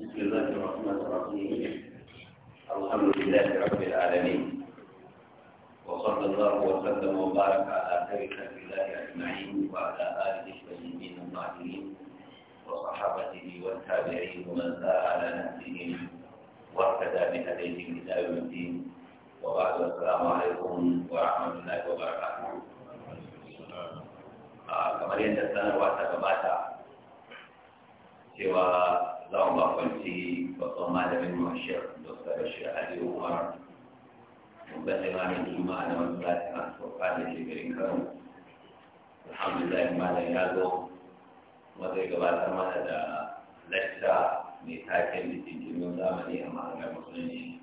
بسم الله الرحمن الرحيم الحمد لله رب العالمين وصلى الله وسلم وبارك على خير خلق الله اجمعين وعلى اله الطيبين الطاهرين وصحابته والتابعين ومن سار على نهجهم واهتدى بهديه الى يوم الدين وبعد السلام عليكم ورحمه الله وبركاته kamar yadda sanarwa ta gabata cewa za mu ba kwanci babban malamin mashir dr bashir ali umar babban limamin juma'a na wani latin asfafa da ke garin kano alhamdulillah malam ya zo kuma zai gabatar mana da lacca mai taken litinkimin zamani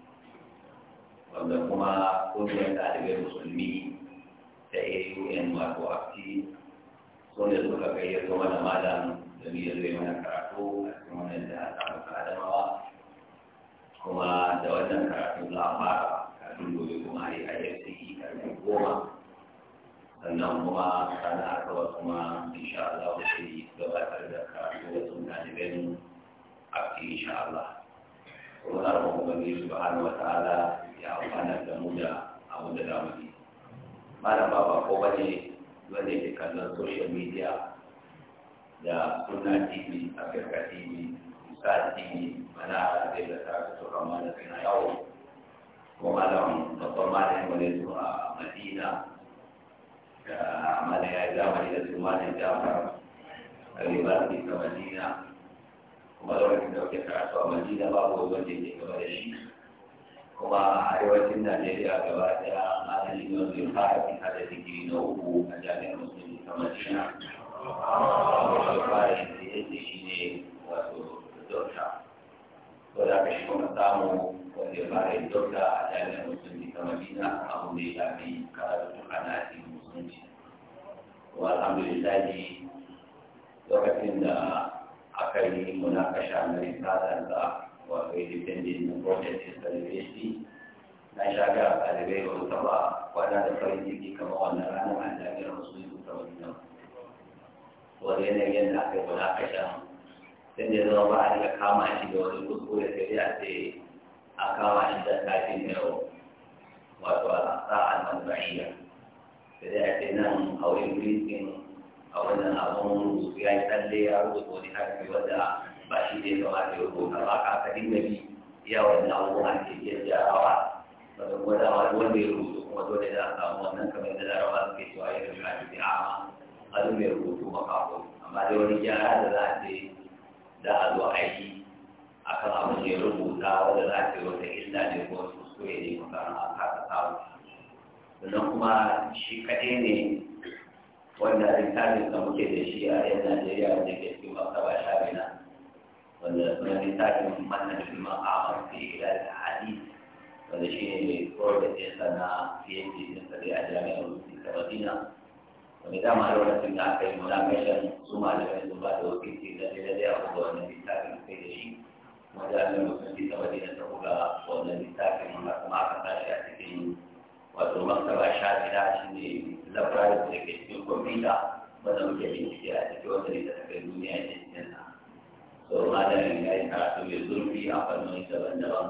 wanda kuma kungiyar ɗalibai musulmi ta aun wato afti sun da suka gayyato mana malam domin ya zai mana karatu a cikin wannan da aka masa adamawa kuma da wannan karatu za a fara kafin gobe kuma a yi ayyar yi karfin goma sannan kuma sana aka wasu ma insha Allah wasu yi gabatar da karatu wasu ɗaliban a cikin insha Allah. Kuma na rukun Ubangiji Subhanahu wa ta'ala ya amfana da mu da abin da zamu yi. Malam ba ba ko bane wanda yake kallon social media da suna jini a afirka tv isa jini mana a da da ta su kama da suna yawo ko malam babban malam wani su a madina da malam ya zamani da su malam jama'a a ribasi ta madina kuma da wani da kuke karatu a madina ba ko wani wanda ke gaba da shi kuma a arewacin najeriya gaba daya malam limon zai fara fita da da ɗalibai ba ta ba kwana da farin ciki kamar wannan ranar an jami'ar ne su wani nuna wani yanayi yadda aka yi wani sha sai da zama ba a riga kama shi da wani da sai dai a ce a kama shi da kafin yau wato a sa'an manzaniya sai dai a ce nan a wani bisin a wannan abun rubutu ya yi tsalle ya rubuta wani harfi wanda ba shi ne kamata ya rubuta ba ka ka dinga bi yawan abubuwan ke a jarawa wajen da, wanda ya rubutu kuma dole da a samu wannan kamar da larabawa suke cewa ya rubuta shi da ama a mai rubutu makaho amma dai wani gyara da za a ce da a zo a yi a kan abin da ya rubuta wanda za a ce wata illa ne ko kuskure ne makaran a kasa samu sannan kuma shi kaɗai ne wanda littafin da muke da shi a yan Najeriya wanda ke cikin maktaba shabina wanda suna littafin manhajul maqamar fi da hadith wanda shi ne mai koyar da ɗinsa na fiye ɗinsa da a jami'ar Musulmi ta Madina wanda dama lokacin da aka yi munakashin su malamai sun ba da wakilci da ne da ya buga wannan littafin kai da shi kuma jami'ar Musulmi ta Madina ta buga wannan littafin wanda kuma aka tashi a cikin wato maktaba sha gida shi ne labarin da ke cikin kwamfuta wanda muke bincike a cikin wata ta kai duniya ne cikin sa. So, malamin ya yi karatu mai zurfi a fannoni daban-daban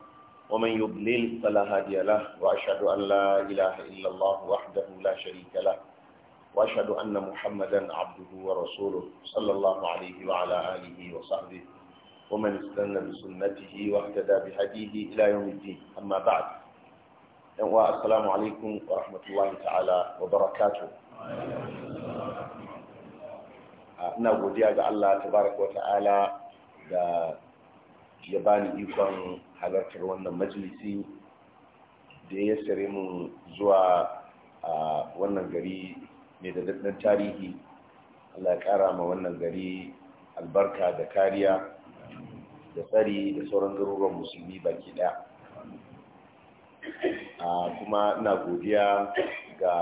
ومن يضلل فلا هادي له وأشهد أن لا إله إلا الله وحده لا شريك له وأشهد أن محمدا عبده ورسوله صلى الله عليه وعلى آله وصحبه ومن استنى بسنته واهتدى بهديه إلى يوم الدين أما بعد والسلام عليكم ورحمة الله تعالى وبركاته انا godiya الله تبارك وتعالى يا بني يكون halartar wannan majalisi da ya sare mu zuwa a wannan gari mai da daɗin tarihi allah ya ƙara ma wannan gari albarka da kariya da tsari da sauran garuruwan musulmi baki ɗaya kuma ina godiya ga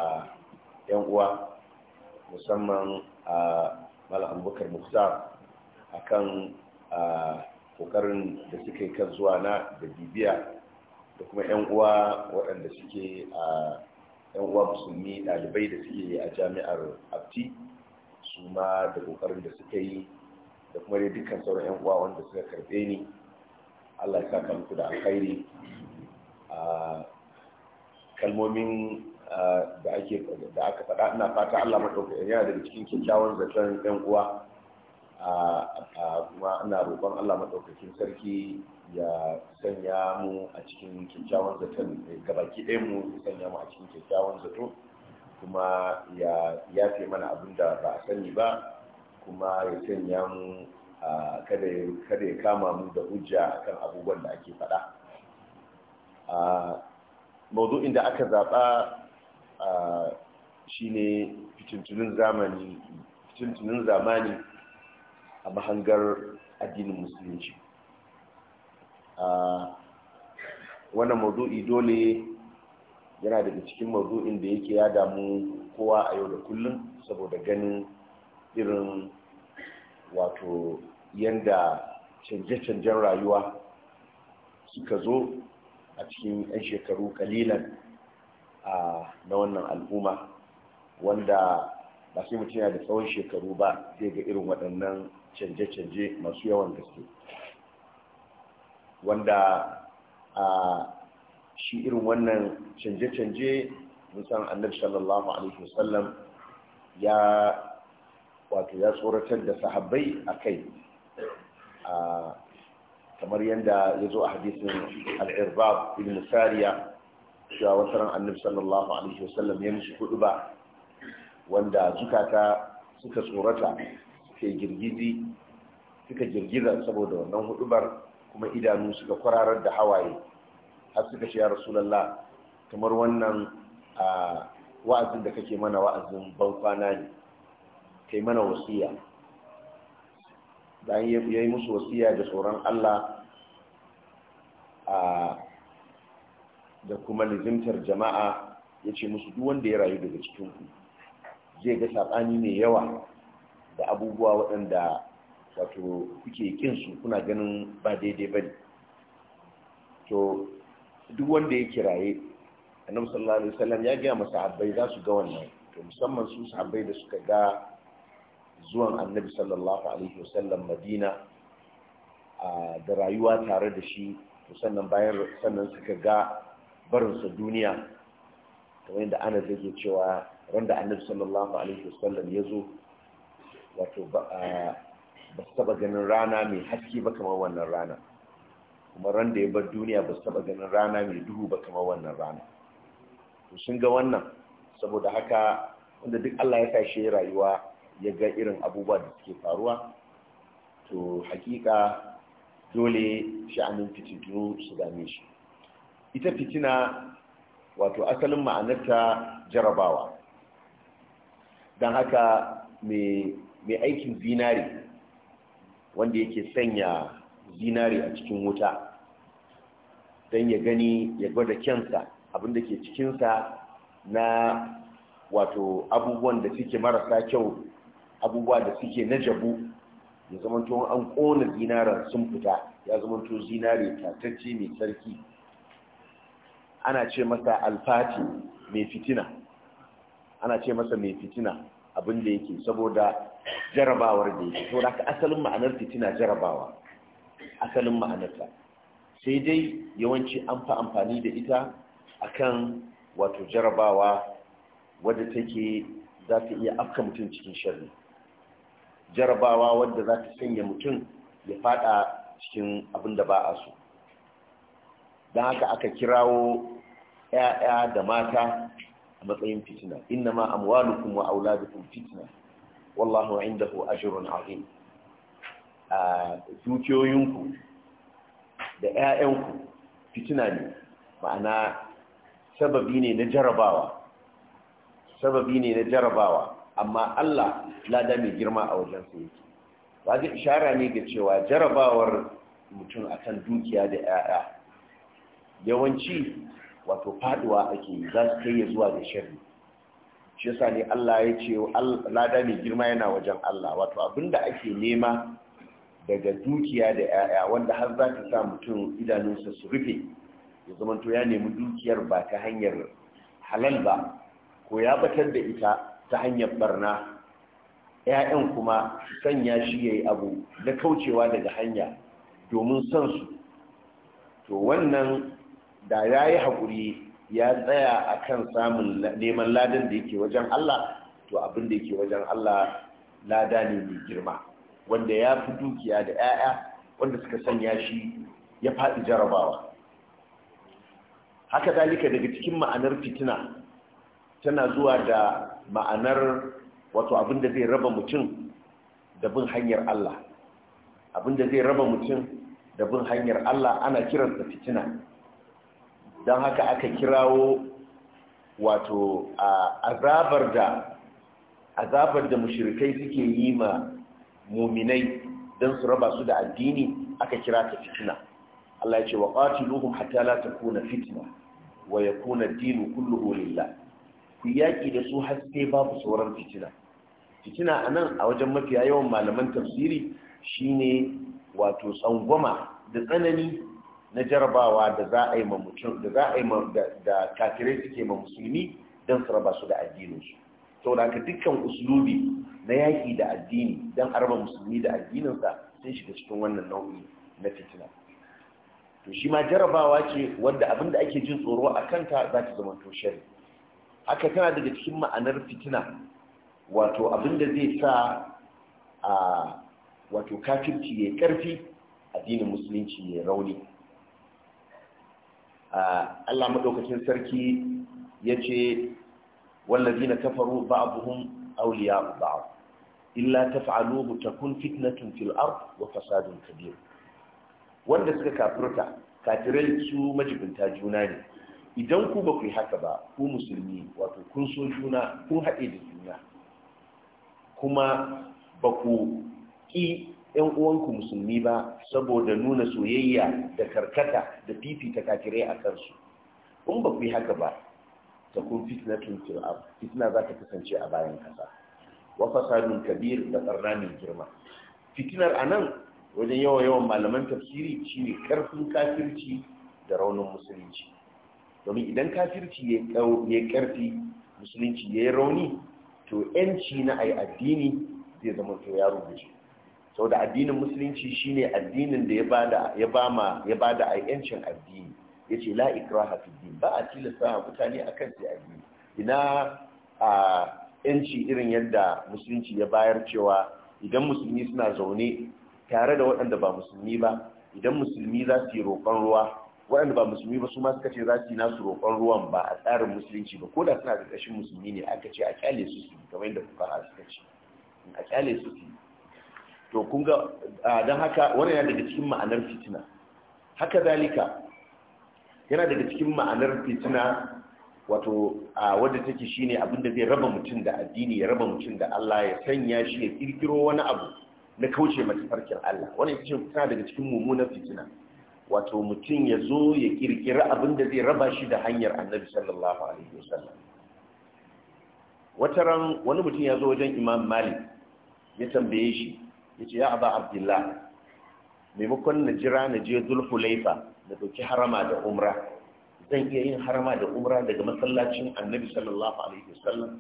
'yan uwa musamman a malam abubakar a kan. kokarin da suka yi kan zuwa na da bibiya da kuma 'yan uwa waɗanda suke a 'yan uwa musulmi ɗalibai da suke a jami'ar abti su ma da kokarin da suka yi da kuma dai dukkan sauran 'yan uwa wanda suka karɓe ni allah ya saka muku da alkhairi a kalmomin da aka faɗa ina fata allah maɗauka yana daga cikin kyakkyawan zaton 'yan uwa kuma ana roƙon Allah maɗaukakin sarki ya sanya mu a cikin kyakkyawan zaton eh, gabaki ɗaya mu ya sanya mu a cikin kyakkyawan zato kuma ya yafe mana abin da ba a sani ba kuma ya sanya mu kada ya kama mu da hujja kan abubuwan da ake faɗa maudu'in da aka zaɓa shi ne fitintunin zamani a mahangar addinin musulunci wannan mazu'i dole yana daga cikin mazu'in da yake ya damu kowa a yau da kullum saboda ganin irin wato yanda canje-canjen rayuwa suka zo a cikin 'yan shekaru kalilan na wannan al'umma wanda ba sai mutum yana da tsawon shekaru ba zai ga irin waɗannan canje-canje masu yawan gaske wanda a shi irin wannan canje-canje musan annabi sallallahu alaihi wasallam ya wato ya tsoratar da sahabbai a kai kamar yadda ya zo a hadisin al'irbab ibn sariya cewa wata ran annabi sallallahu alaihi wasallam ya musu kudu ba wanda zukata suka tsorata sai girgizi suka girgiza saboda wannan hudubar kuma idanu suka kwararar da hawaye har suka ce ya rasulallah kamar wannan wa'azin da kake mana wa'azin ban kwana ne kai mana wasiya da ya yi musu wasiya da tsoron Allah da kuma nizimtar jama'a ya ce musu duk wanda ya rayu daga cikinku zai ga saɓani mai yawa da abubuwa waɗanda wato kuke kinsu kuna ganin ba daidai ba ne to duk wanda ya kiraye annabi sallallahu alaihi wasallam ya gaya masa habbai za su ga wannan to musamman su sahabbai da suka ga zuwan annabi sallallahu alaihi wasallam madina da rayuwa tare da shi to sannan bayan sannan suka ga barinsa duniya kamar yadda ana zai cewa randa annabi sallallahu alaihi wasallam ya zo wato ba su taba ganin rana mai haske ba kamar wannan rana kuma ran da ya bar duniya ba su taba ganin rana mai duhu ba kamar wannan rana to sun ga wannan saboda haka wanda duk Allah ya kashe rayuwa ya ga irin abubuwa da suke faruwa to hakika dole sha'anin fitintunu su dame shi ita fitina wato asalin ma'anarta jarabawa don haka mai mai aikin zinari wanda yake sanya zinari a cikin wuta don ya gani ya gwada kyansa abinda ke cikinsa na wato abubuwan da suke marasa kyau abubuwa da suke na jabu ya zamanto an kona zinaran sun fita ya zamanto zinare tatacce mai sarki ana ce masa alfati mai fitina ana ce masa mai fitina abin da yake saboda jarabawar da yake saboda ka asalin ma'anar tana jarabawa asalin ma'anarta sai dai yawanci an fa amfani da ita akan wato jarabawa wadda take za ta iya afka mutum cikin sharri jarabawa wadda za ta sanya mutum ya fada cikin abin da ba a so don haka aka kirawo 'ya'ya da mata a matsayin fitina inna ma amwalukum wa auladukum fitna wallahu indahu ajrun azim a dukiyoyinku da 'ya'yanku fitina ne ma'ana sababi ne na jarabawa sababi ne na jarabawa amma Allah lada mai girma a wajen sa yake ba ishara ne ga cewa jarabawar mutum akan dukiya da 'ya'ya yawanci wato faduwa ake yi za su kai ya zuwa da sharri shi yasa ne Allah ya ce lada mai girma yana wajen Allah wato abinda ake nema daga dukiya da 'ya'ya wanda har za ta sa mutum idanunsa su rufe ya zamanto ya nemi dukiyar ba ta hanyar halal ba ko ya batar da ita ta hanyar barna 'ya'yan kuma su sanya shi ya yi abu na kaucewa daga hanya domin son su to wannan da ya yi haƙuri ya tsaya a kan samun neman ladan da yake wajen Allah to abin da yake wajen Allah lada ne mai girma wanda ya fi dukiya da 'ya'ya wanda suka sanya shi ya faɗi jarabawa haka dalika daga cikin ma'anar fitina tana zuwa da ma'anar wato abin da zai raba mutum da bin hanyar Allah abin da zai raba mutum da bin hanyar Allah ana kiransa fitina don haka aka kirawo wato azabar da azabar da mushrikai suke yi ma muminai don su raba su da addini aka kira ta fitina Allah ya ce wa qatiluhum hatta la takuna fitina. wa yakuna ad-dinu kulluhu lillah ku yaki da su haske babu sauran fitina fitina anan a wajen mafiya yawan malaman tafsiri shine wato tsangwama da tsanani na jarabawa da za a yi ma mutum da za a yi da kafirai suke ma musulmi don su raba su da addininsu to da ka dukkan uslubi na yaƙi da addini don a raba musulmi da addininsa sun shiga cikin wannan nau'i na fitina to shi ma jarabawa ce wadda abinda ake jin tsoro a kanta za ta zama to shari haka tana daga cikin ma'anar fitina wato abinda zai sa a wato kafirci ya karfi addinin musulunci ya rauni Allah maɗaukacin sarki ya ce, yace na kafaru ba'dhum ba ba'd illa taf'aluhu takun fitnatun fil wa fasadun kabir wanda suka kafirta kafirai su majibinta juna ne idan ku ba ku yi haka ba ku musulmi wato kun so juna kun haɗe da juna kuma ba ku ƙi 'yan uwanku musulmi ba saboda nuna soyayya da karkata da fifita kafirai a kansu in ba ku yi haka ba ta kun fir'aun fitna za ta kasance a bayan kasa wa fasadun kabir da tsarnamin girma fitinar a nan wajen yawan yawan malaman tafsiri shine karfin kafirci da raunin musulunci domin idan kafirci ya karfi musulunci ya yi rauni to yanci na ayi addini zai zama to ya rubuce Sau da addinin musulunci shine addinin da ya bada ya ba da 'yancin ayyancin addini ya ce, ikraha hafi din ba a tilasta mutane a kan sai addini ina a yanci irin yadda musulunci ya bayar cewa idan musulmi suna zaune tare da waɗanda ba musulmi ba idan musulmi za su yi roƙon ruwa waɗanda ba musulmi ba su ma suka ce za su yi nasu roƙon ruwan ba a tsarin musulunci ba ko da suna da ƙashin musulmi ne aka ce a kyale su su kamar yadda fuka suka ce a kyale su su to kun ga don haka wannan yana daga cikin ma'anar fitina haka zalika yana daga cikin ma'anar fitina wato a wadda take shine abin da zai raba mutum da addini ya raba mutum da Allah ya sanya shi ya kirkiro wani abu na kauce mata farkin Allah wannan ita ce fitina daga cikin mummunan fitina wato mutum ya zo ya kirkiri abin da zai raba shi da hanyar annabi sallallahu alaihi wasallam wata ran wani mutum ya zo wajen imam malik ya tambaye shi yace ya aba abdullah maimakon na jira na je zulhulaifa da dauki harama da umra zan iya yin harama da umra daga masallacin annabi sallallahu alaihi wasallam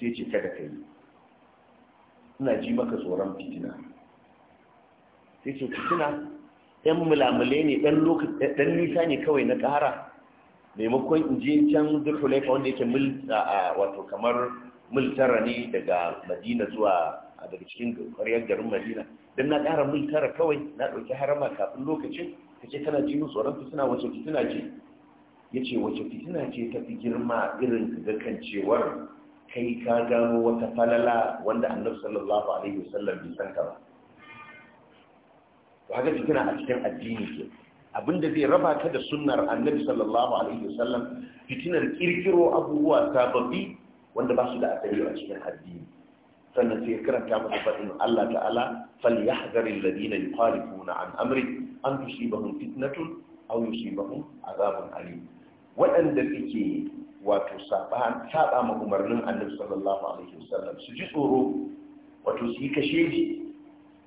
sai ce kada kai ina ji maka tsoron fitina sai ce fitina ɗan mulamule ne ɗan lokaci ɗan nisa ne kawai na ƙara maimakon in je can zulhulaifa wanda yake mil wato kamar mil tara ne daga madina zuwa a daga cikin ƙwaryar garin madina don na ƙara mil tara kawai na ɗauki harama kafin lokacin ka ce tana jinin tsoron fitina wace fitina ce ya ce wace fitina ce ta fi girma irin ga kai ka gano wata falala wanda annabi sallallahu alaihi wasallam bai san ka ba to haka fitina a cikin addini ke abinda zai raba ka da sunnar annabi sallallahu alaihi wasallam fitinar kirkiro abubuwa sababbi wanda ba su da asali a cikin addini sannan sai ya karanta masa faɗin Allah ta'ala falyahdhar alladhina yukhalifuna an amri an tusibahum fitnatun aw yusibahum azabun alim waɗanda suke wato saba saba ma umarnin Annabi sallallahu alaihi wasallam su ji tsoro wato su yi kashe ji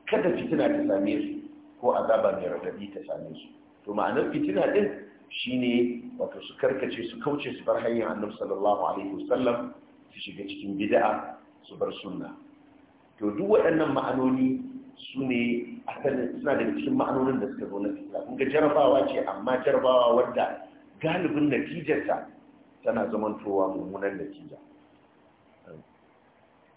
kada fitina ta same su ko azaba mai radadi ta same su to ma'anar fitina din shine wato su karkace su kauce su bar hanyar Annabi sallallahu alaihi wasallam su shiga cikin bid'a su bar sunna to duk waɗannan ma'anoni su ne suna daga cikin ma'anonin da suka zo na fitila kun jarabawa ce amma jarabawa wadda galibin natijarta tana zamantowa mummunan natija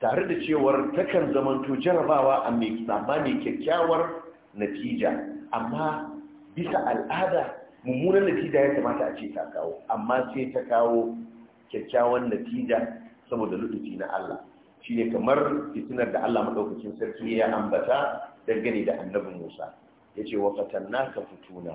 tare da cewar takan zamanto jarabawa amma mai kyakkyawar natija amma bisa al'ada mummunan natija ya kamata a ce ta kawo amma sai ta kawo kyakkyawan natija saboda lutufi na Allah shine kamar fitinar da Allah maɗaukacin sarki ya ambata dangane da annabin Musa Ya yace wa ka fituna,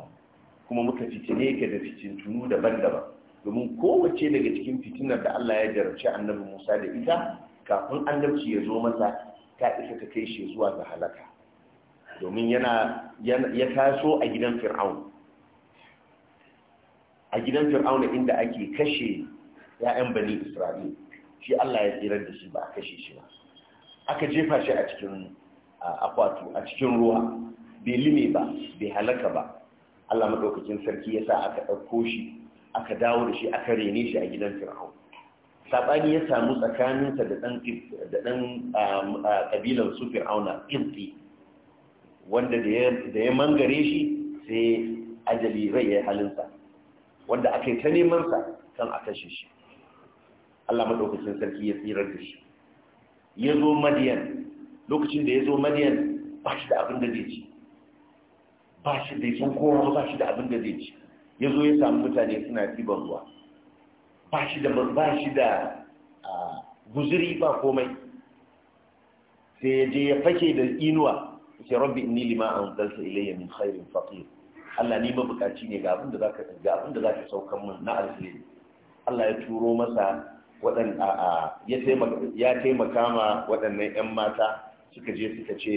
kuma muka fitine ka da fitintunu daban-daban domin kowace daga cikin fitinar da Allah ya jarabci annabin Musa da ita kafin annabci ya zo masa ta isa ka kai shi zuwa ga halaka domin yana ya taso a gidan fir'aun a gidan fir'aun inda ake kashe 'ya'yan bani isra'ila shi Allah ya tsirar da shi ba a kashe shi ba aka jefa shi a cikin akwatu a cikin ruwa bai lime ba bai halaka ba Allah madaukakin sarki ya sa aka ɗauko shi aka dawo da shi aka rene shi a gidan fir'aun saɓani ya samu tsakaninsa da ɗan ƙabilan su fir'auna ƙirti wanda da ya mangare shi sai ajali rai ya halinsa wanda aka ta ta sa, kan a kashe shi Allah madaukakin sarki ya tsirar da shi ya zo madiyan lokacin da ya zo madiyan ba shi da abin da zai ci ba shi da san kowa ba shi da abin da zai ci ya zo ya samu mutane suna ɗiban ruwa ba shi da ba shi da guzuri ba komai sai ya je ya fake da inuwa sai rabbi inni lima anzalta ilayya min khairin faqir Allah ni mabukaci ne ga abin da zaka ga abin da zaka saukan min na alheri Allah ya turo masa ya taimaka ma waɗannan 'yan mata suka je suka ce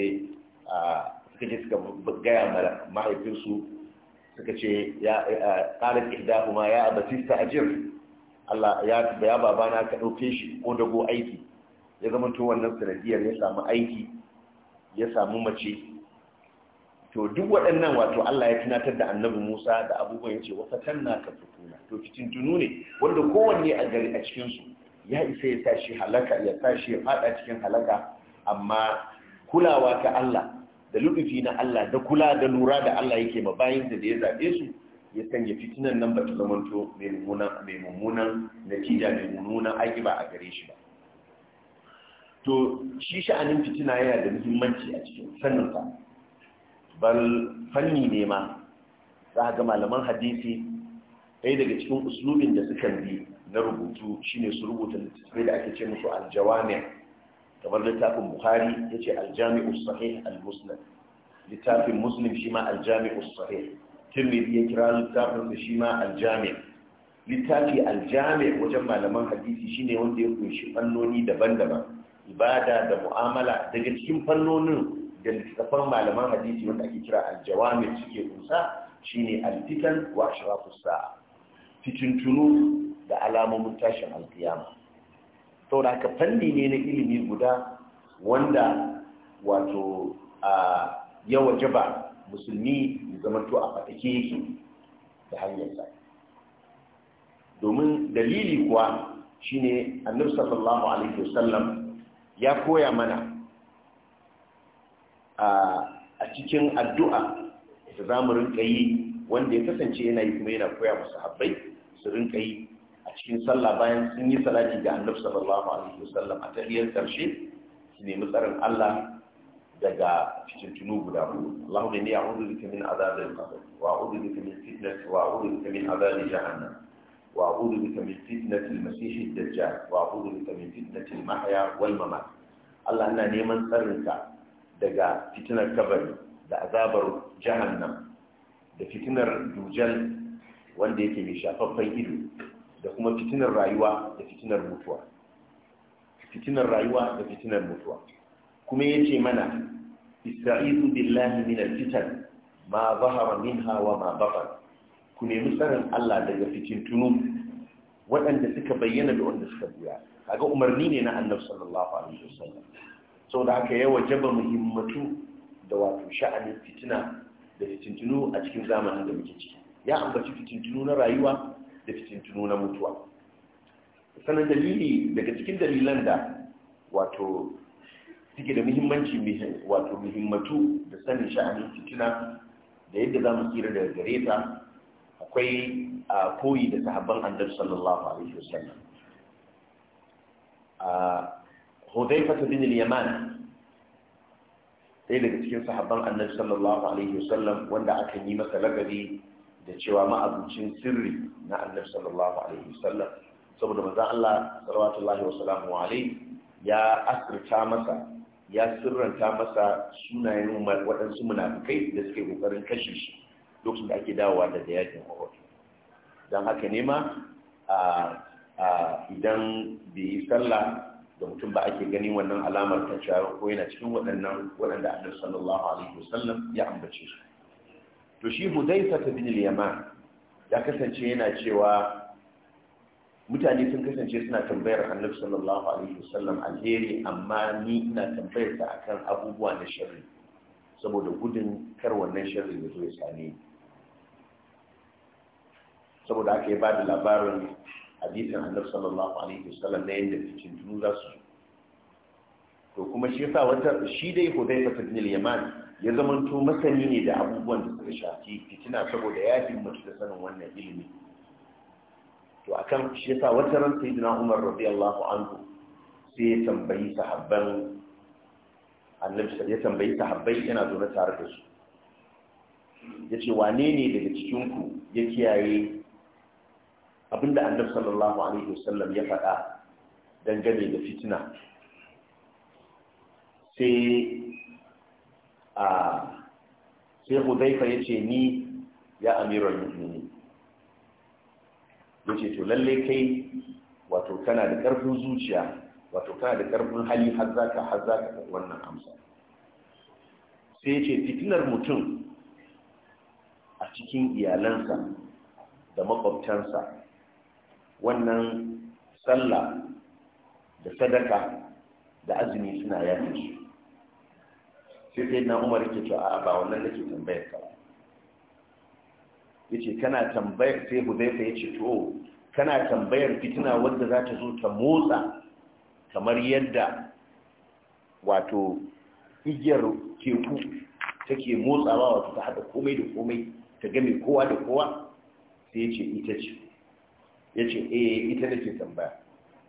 suka je suka gaya mahaifinsu suka ce ya ƙarar ihdahu ma ya abatista jir Allah ya ya babana ka ɗauke shi ko dago aiki ya zama to wannan sanadiyar ya samu aiki ya samu mace to duk waɗannan wato Allah ya tunatar da annabi Musa da abubuwan yace wa fatanna ka fituna to fitintunu ne wanda kowanne a gari a cikin su ya isa ya tashi shi halaka ya tashi fada cikin halaka amma kulawa ta Allah da lubufi na Allah da kula da lura da Allah yake ma bayin da ya zabe su ya sanya fitinan nan ba ta zamanto mai mummunan natija mai mummunan ba a gare shi ba to shi sha'anin fitina yana da muhimmanci a cikin sannan bal fanni ne ma za ga malaman hadisi ɗaya daga cikin uslubin da suka bi na rubutu shine su rubuta littattafai da ake ce musu aljawami kamar littafin Buhari ya ce aljami'u sahih al littafin muslim shi ma aljami'u sahih tirmidhi ya kira littafin da shi ma aljami' littafi aljami' wajen malaman hadisi shine wanda ya kunshi fannoni daban-daban ibada da mu'amala daga cikin fannonin da littattafan malaman hadisi wanda ake kira aljawamir suke kunsa shine alfitan wa ashrafus sa'a fitintunu da alamomin tashin alkiyama da haka fanni ne na ilimi guda wanda wato a yawa jaba musulmi ya zamanto a fatake yake da hanyarsa domin dalili kuwa shine annabi sallallahu alaihi wasallam ya koya mana a cikin addu'a da za mu rinka yi wanda ya kasance yana yi kuma yana koya musu habbai su rinka yi a cikin sallah bayan sun yi salati ga annabi sallallahu alaihi wasallam a tahiyar karshe su nemi tsarin Allah daga cikin tunu guda Allahu Allahumma inni a'udhu bika min azabil qabr wa a'udhu bika min fitnati wa a'udhu bika min azabi jahannam wa a'udhu bika min fitnati al-masih ad-dajjal wa a'udhu bika min fitnati al-mahya wal mamat Allah ina neman tsarin tsarinka daga fitinar kabari da azabar jahannam da fitinar dujal wanda yake mai shafaffen ido da kuma fitinar rayuwa da fitinar mutuwa fitinar rayuwa da fitinar mutuwa kuma yace mana ista'izu billahi minal fitan ma zahara minha wa ma ku nemi tsarin Allah daga fitintunu waɗanda suka bayyana da wanda suka biya? kaga umarni ne na Annabi sallallahu alaihi wasallam sau da haka yawa jaba muhimmatu da wato sha'anin fitina da fitintunu a cikin zamanin da muke ciki ya ambaci fitintunu na rayuwa da fitintunu na mutuwa sanar dalili daga cikin dalilan da wato suke da muhimmanci wato muhimmatu da sanin sha'anin fitina da yadda za mu tsira daga gare ta akwai a koyi da sahabban annabi sallallahu alaihi wasallam Hudhaifah bin al-Yaman ɗaya daga cikin sahabban Annabi sallallahu alaihi wasallam wanda aka yi masa lagari da cewa ma'abucin sirri na Annabi sallallahu alaihi wasallam saboda manzon Allah sallallahu wa sallamu alaihi ya asirta masa ya sirranta masa sunayen waɗansu munafikai da suke kokarin kashe shi lokacin da ake dawowa da yakin Uhud dan haka nema ma idan bai yi sallah da mutum ba ake ganin wannan alamar ta cewa ko yana cikin waɗannan waɗanda annabi sallallahu alaihi wasallam ya ambace su to shi hudayfa bin al-yaman ya kasance yana cewa mutane sun kasance suna tambayar annabi sallallahu alaihi wasallam alheri amma ni ina tambayar ta akan abubuwa na sharri saboda gudun kar wannan sharri ya zo ya same ni saboda aka yi ba da labarin hadisin annabi sallallahu alaihi wasallam na yadda cikin tunu za su to kuma shi yasa wata shi dai Hudayfa ibn al-Yaman ya zamanto masani ne da abubuwan da suka shafi fitina saboda ya himmatu da sanin wannan ilimi to akan shi yasa wata ran sayyidina Umar radiyallahu anhu sai ya tambayi sahabban annabi ya tambayi sahabbai yana zo tare da su yace wane ne daga cikin ku ya kiyaye abinda annab sallallahu alaihi wasallam ya faɗa dangane da fitina sai a sai hudaifa ya ce ni ya amiran mu'mini ya ce to lalle kai wato kana da ƙarfin zuciya wato kana da ƙarfin hali har za ka har za ka wannan amsa sai ya ce fitinar mutum a cikin iyalansa da makwabtansa wannan sallah da sadaka da azumi suna yafe su sai sai na umar yake cewa a ba wannan nake tambayar ka yace kana tambayar sai zai yace to kana tambayar fitina wanda za ta zo ta motsa kamar yadda wato igiyar teku take motsawa wato ta hada komai da komai ta game kowa da kowa sai yace ita ce ya ce eh ita ke tambaya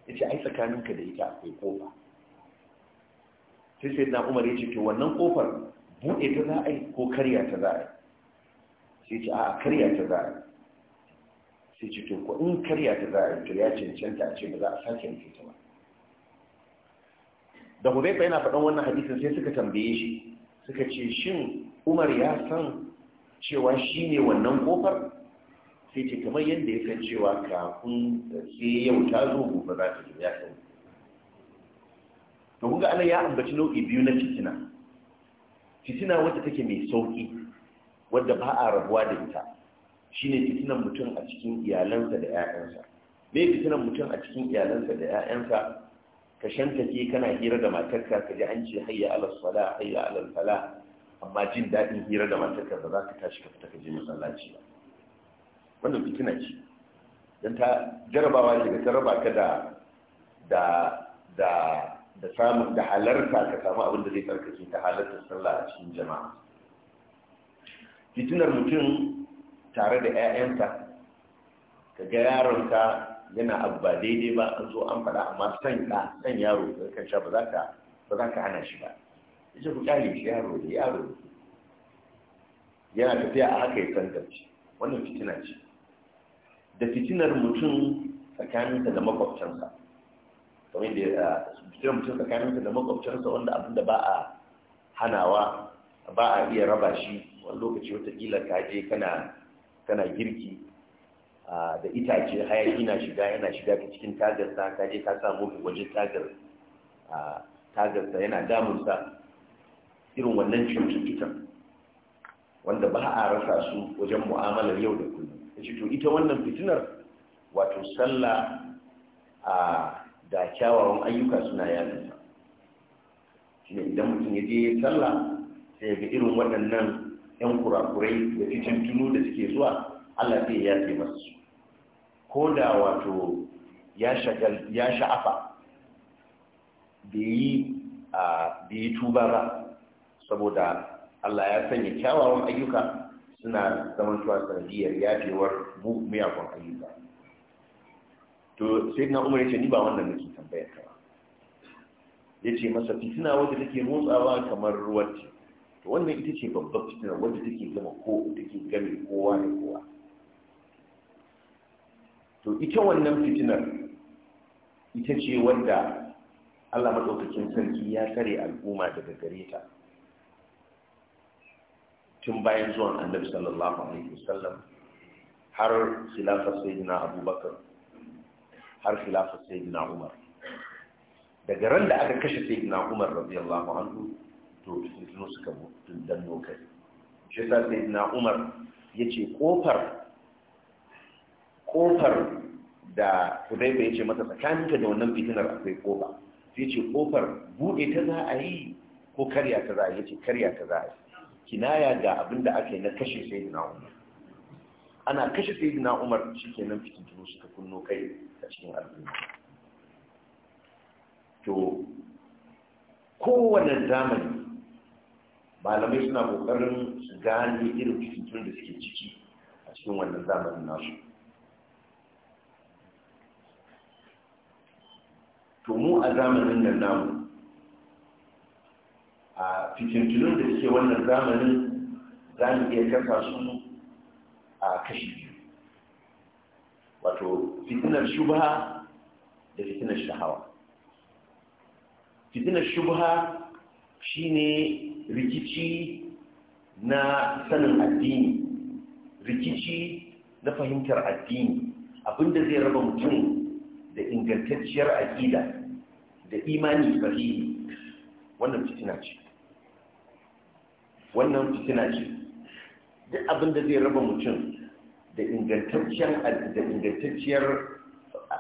ya ce ai tsakaninka da ita akwai kofa sai sai na umar ya ce to wannan kofar buɗe ta za a yi ko karya ta za a yi sai ce a karya ta za a yi sai ce to ko in karya ta za a yi to ya cancanta a ce ba za a sake rufe ta ba da hudaifa yana faɗan wannan hadisin sai suka tambaye shi suka ce shin umar ya san cewa shi ne wannan kofar sai ce kamar yadda ya san cewa kafin da sai yau ta zo gobe za ta zo ya san to kuka ana ya ambaci nau'i biyu na fitina fitina wadda take mai sauki wadda ba a rabuwa da ita shine fitinan mutum a cikin iyalansa da 'ya'yansa me fitinan mutum a cikin iyalansa da 'ya'yansa ka shantake kana hira da matarka ka ji an ce hayya ala sala hayya ala sala. amma jin daɗin hira da matarka ba za ka tashi ka fita ka je masallaci ba wannan fitina ce don ta jarabawa ce ga raba ka da da da da samun da halarta ka samu abin da zai karkace ta halarta sallah a cikin jama'a fitinar mutum tare da 'ya'yanta ka ga yaronka yana abu ba daidai ba an zo an faɗa amma san ɗa san yaro da kan sha ba za ka hana shi ba ita ku kyale shi yaro da yaro yana tafiya a haka ya san wannan fitina ce da fitinar mutum tsakaninsa da makwabcinsa kamar da eh, fitinar mutum tsakaninsa da makwabcinsa wanda da ba a hanawa ba a iya raba shi wani lokaci watakila ka je kana girki ah, da itace hayaki na shiga yana shiga ta cikin tagarsa ka je ka samu wajen ah, tagarsa yana damunsa irin wannan cututtukan wanda ba a rasa su wajen mu'amalar yau da kullum yace to ita wannan fitinar wato sallah a da kyawawan ayyuka suna yaɗa ta ne idan mutum ya je sallah sai ga irin waɗannan yan kurakurai da fitin tunu da suke zuwa Allah sai ya ce masa su ko da wato ya shagal ya sha'afa bai yi a bai tuba ba saboda Allah ya sanya kyawawan ayyuka suna zaman tuwa sanadiyar yafewar miyagun ayyuka to sai na umar ya ce ni ba wannan nake tambayar ka ba ya ce masa fitina wadda take motsawa kamar ruwan ce to wannan ita ce babbar fitina wadda take gama ko take game kowa da kowa to ita wannan fitinar ita ce wadda Allah maɗaukakin sarki ya tsare al'umma daga gare ta tun bayan zuwan annabi sallallahu alaihi wasallam har khilafar sayyidina abubakar har khilafar sayyidina umar daga ran da aka kashe sayyidina umar radiyallahu anhu to fitinu suka mutun dan kai shi sa sayyidina umar yace kofar kofar da Hudaifa yace masa tsakaninka da wannan fitinar akwai kofa sai ce kofar bude ta za a yi ko karya ta za a yi yace karya ta za a yi kinaya ga abin da aka yi na kashe na umar ana kashe na umar nan fitin turu suka kunno kai a cikin al'umma to kowane zamani malamai suna kokarin su gane irin turu da suke ciki a cikin wannan zamanin nasu to mu a zamanin nan namu a fitintunun da suke wannan zamanin za mu iya kasa su a kashi biyu wato fitinar shubha da fitinar shahawa fitinar shubha shine rikici na sanin addini rikici na fahimtar addini abinda zai raba mutum da ingantacciyar aƙida da imani sahihi wannan fitina ce wannan fitina ce duk abin da zai raba mutum da ingantacciyar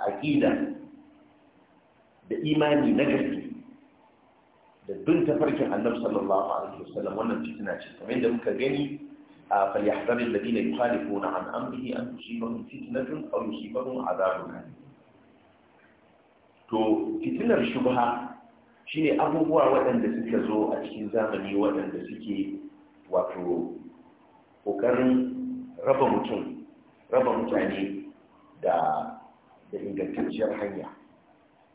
aƙida da imani na gaske da bin tafarkin annabi sallallahu alaihi wasallam wannan fitina ce kamar yadda muka gani a da falyahdharin ladina yukhalifuna an amrihi an tusibahum fitnatun aw yusibahum adhabun alim to fitinar shubha shine abubuwa waɗanda suka zo a cikin zamani waɗanda suke wato ƙoƙarin raba mutum raba mutane da da ingantacciyar hanya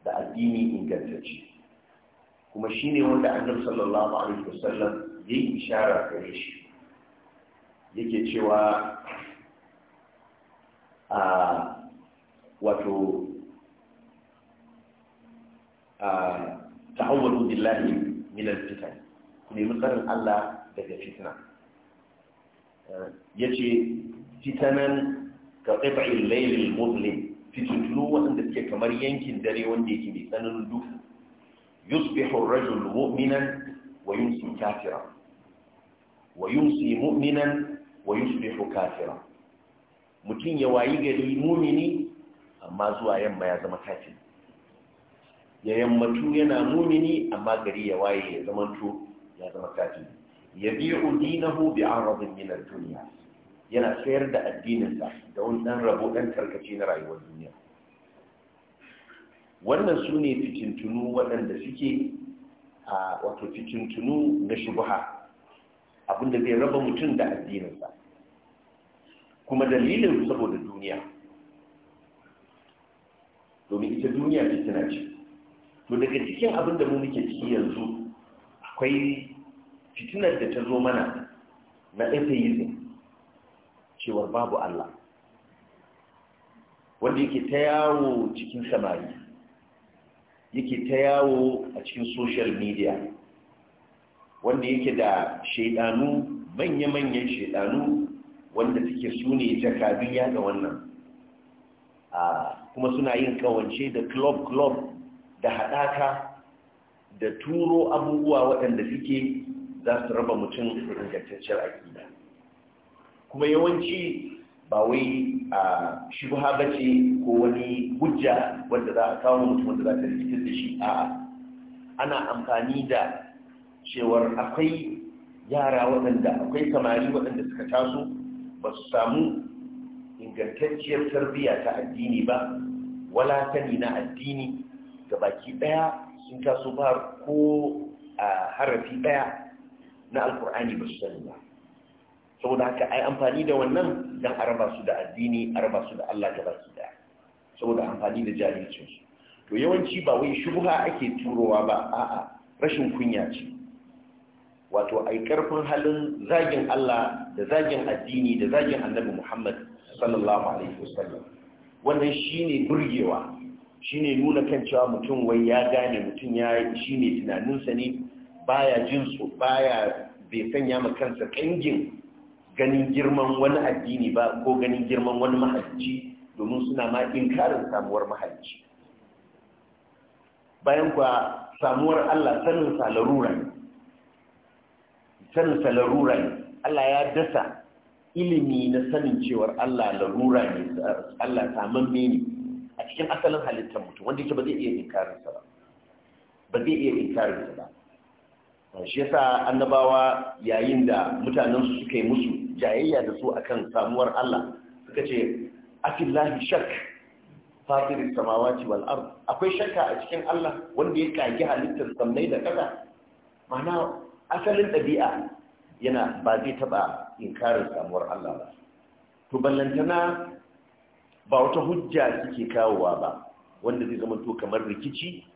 da addini ingantacci, kuma shine wanda annabi sallallahu alaihi wasallam yayi isharar gare shi yake cewa a wato a ta'awwalu billahi min al-fitan ku nemi tsarin Allah daga fitna yace fitanan ka qita'il layl al-muzlim fitulu wanda suke kamar yankin dare wanda yake mai tsananin duhu yusbihu ar-rajul mu'minan wa yumsi kafira, wa yumsi mu'minan wa yusbihu kafira. mutum ya wayi gari mumini amma zuwa yamma ya zama kafin ya yammatu yana mumini amma gari ya waye ya zamanto ya zama kafi ya biyo udinahu bi aradin min ad-dunya yana sayar da addininsa da wani dan rabo dan tarkace na rayuwar duniya wannan su ne fitintunu waɗanda suke a wato fitintunu na shubha abinda zai raba mutum da addininsa kuma dalilin saboda duniya domin ita duniya fitina ce to daga cikin abin da mu muke ciki yanzu akwai fitinar da ta zo mana na atheism cewar babu Allah wanda yake ta yawo cikin samari yake ta yawo a cikin social media wanda yake da shaidanu manya-manyan shaidanu wanda suke su ne jakabin yada wannan ah, kuma suna yin kawance da club-club da haɗaka da turo abubuwa waɗanda suke za su raba mutum ingantacciyar aƙida kuma yawanci ba wai a shubha ba ce ko wani hujja wanda za a kawo mutum wanda za ta rikitar da shi a ana amfani da cewar akwai yara waɗanda akwai samari waɗanda suka taso ba su samu ingantacciyar tarbiyya ta addini ba wala sani na addini gabaki daya sun taso ba ko a harafi daya na alkur'ani ba su sani ba saboda haka ai amfani da wannan don araba su da addini araba su da Allah gabaki daya saboda amfani da jahilcinsu to yawanci ba wai shubha ake turowa ba a'a rashin kunya ce wato ai karfin halin zagin Allah da zagin addini da zagin Annabi Muhammad sallallahu alaihi wasallam wannan shine burgewa shine nuna kan cewa mutum wai ya gane mutum ya shi ne tunaninsa ne baya jin su baya bai sanya ma kansa kangin ganin girman wani addini ba ko ganin girman wani mahalci domin suna ma inkarin samuwar mahalci bayan kuwa samuwar Allah sanin sa larura ne sanin sa larura ne Allah ya dasa ilimi na sanin cewar Allah larura ne Allah samamme ne a cikin asalin halittar mutum wanda yake ba zai iya sa ba ba zai iya sa ba shi yasa annabawa yayin da mutanensu suka yi musu jayayya da su akan samuwar Allah suka ce afillahi shak fatirin samawati wal ard akwai shakka a cikin Allah wanda ya kage halittar samnai da kaza mana asalin ɗabi'a yana ba zai taba inkarin samuwar Allah ba to ballantana ba wata hujja suke kawowa ba wanda zai zama to kamar rikici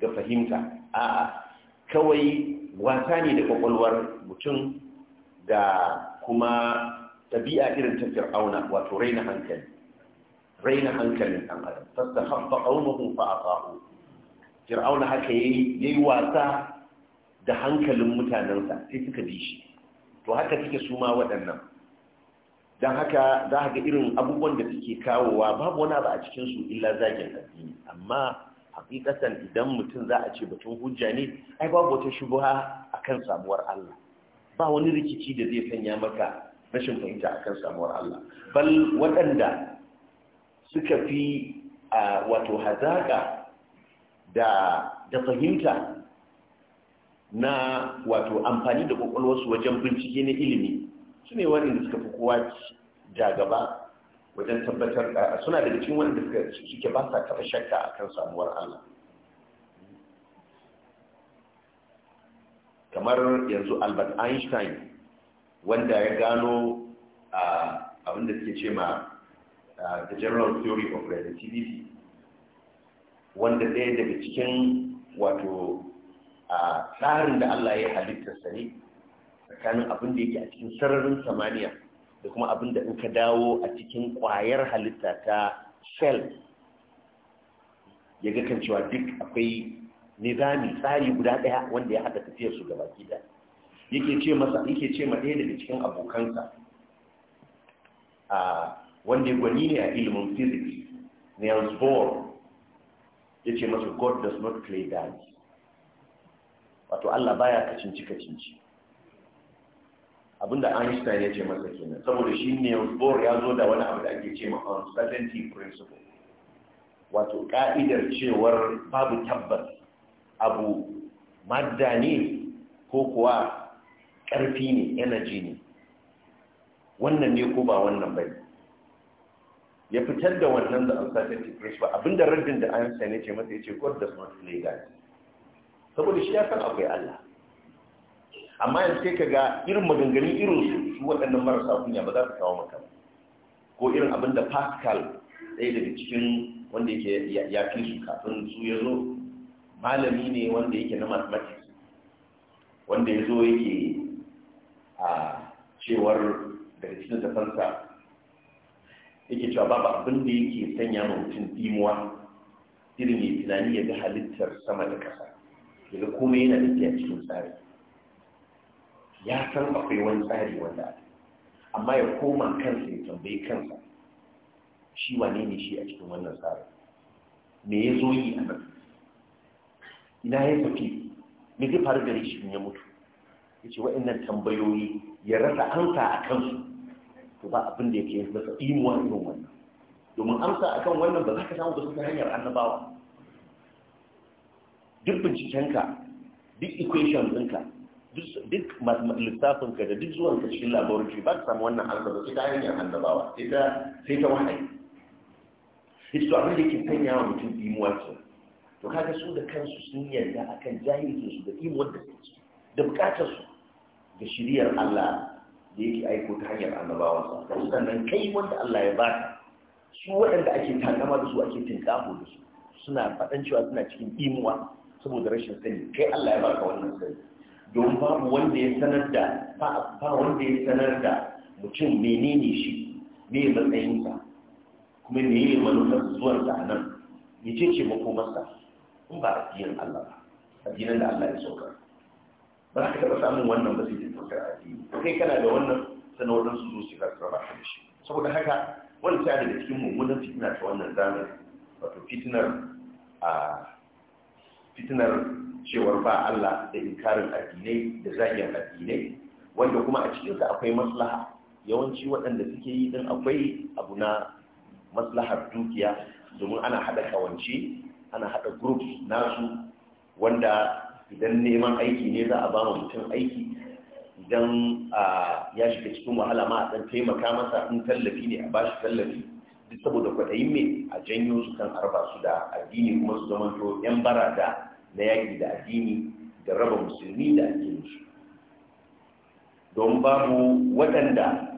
ga fahimta a'a kawai wasa ne da kwakwalwar mutum da kuma tabi'a irin ta fir'auna wato raina hankali raina hankalin ɗan adam fasta haɓɓa ƙaunahun fa'afahu fir'auna haka ya yi wasa da hankalin mutanensa sai suka bi shi to haka suke su ma waɗannan don haka za ga irin abubuwan da suke kawowa babu wani abu a cikinsu illa zagin addini amma hakikatan idan mutum za a ce batun hujja ne ai babu wata shubuha akan samuwar Allah ba wani rikici da zai sanya maka rashin fahimta akan samuwar Allah bal waɗanda suka fi wato hazaka da da fahimta na wato amfani da ƙwaƙwalwarsu wajen bincike na ilimi su ne waɗanda suka fi kowa ja gaba wajen tabbatar da suna daga cikin suka suke ba sa taɓa shakka a kan samuwar Allah kamar yanzu Albert Einstein wanda ya gano abinda suke ce ma the general theory of relativity wanda ɗaya daga cikin wato tsarin da Allah ya halittarsa ne tsakanin abin da yake a cikin sararin samaniya da kuma abin da in ka dawo a cikin kwayar halitta ta cell ya ga kan cewa duk akwai nizami tsari guda ɗaya wanda ya haɗa tafiyar su gaba gida yake ce masa yake ce ma ɗaya daga cikin abokansa a wanda gwani ne a ilimin physics Niels Bohr ya ce masa God does not play dance. wato Allah baya kacinci kacinci abinda einstein ya ce masa kenan saboda shi ne bohr ya zo da wani abu da ake ce ma uncertainty principle wato ka'idar cewar babu tabbas abu madda ne ko kuwa ƙarfi ne energy ne wannan ne ko ba wannan bai ya fitar da wannan da uncertainty principle abinda raddin da einstein ya ce masa ya ce god does not play that saboda shi ya san akwai allah amma yanzu sai ka ga irin maganganun irin su waɗannan marasa kunya ba za su kawo maka ko irin abin da pascal ɗaya daga cikin wanda yake ya fi su kafin su ya zo malami ne wanda yake na mathematics wanda ya zo yake a cewar daga cikin zafansa yake cewa babu abin da yake sanya ma mutum dimuwa irin ya tunani ya ga halittar sama da ƙasa ya ga komai yana da cikin tsari ya san akwai wani tsari wanda amma ya koma kansa ya tambayi kansa shi wane ne shi a cikin wannan tsarin me ya zo yi a nan ina ya tafi me zai faru da shi ya mutu ya ce wa'annan tambayoyi ya rasa amsa a kansu to ba abin da ke masa imuwa irin wannan domin amsa kan wannan ba za ka samu ba su hanyar annabawa duk bincikenka duk equation ɗinka duk littafin ka da duk zuwan ka cikin laboratory ba ka samu wannan ansa ba sai ta hanyar annabawa sai ta sai ta wahayi ita abin da ke sanya wa mutum imuwa ce to kaga su da kansu sun yarda akan jahilcin su da imuwar da su da bukatar su da shiriyar Allah da yake aiko ta hanyar annabawansa sannan kai wanda Allah ya baka su waɗanda ake takama da su ake tinkafo da su suna faɗan cewa suna cikin imuwa saboda rashin sani kai Allah ya ba ka wannan sani don babu wanda ya sanar da ba wanda ya sanar da mutum menene shi me matsayinsa kuma ne ne manufar zuwan da nan ya ce ce makomarsa in ba addinin Allah ba addinin da Allah ya saukar ba za ka taɓa samun wannan ba sai da saukar addini kai kana da wannan sannan waɗansu zo su karɓar ba da shi saboda haka wani ta daga cikin mummunan fitina ta wannan zamani wato fitinar a fitinar cewar ba Allah da inkarin addinai da zagin addinai wanda kuma a cikinsa akwai maslaha yawanci waɗanda suke yi din akwai abu na maslahar dukiya domin ana haɗa kawance ana haɗa group nasu wanda idan neman aiki ne za a ba mutum aiki idan ya shiga cikin wahala ma a ɗan taimaka masa in tallafi ne a bashi tallafi duk saboda kwaɗayin mai a janyo su kan arba su da addini kuma su zama to yan bara da na yaƙi da addini da raba musulmi da addininsu. don babu waɗanda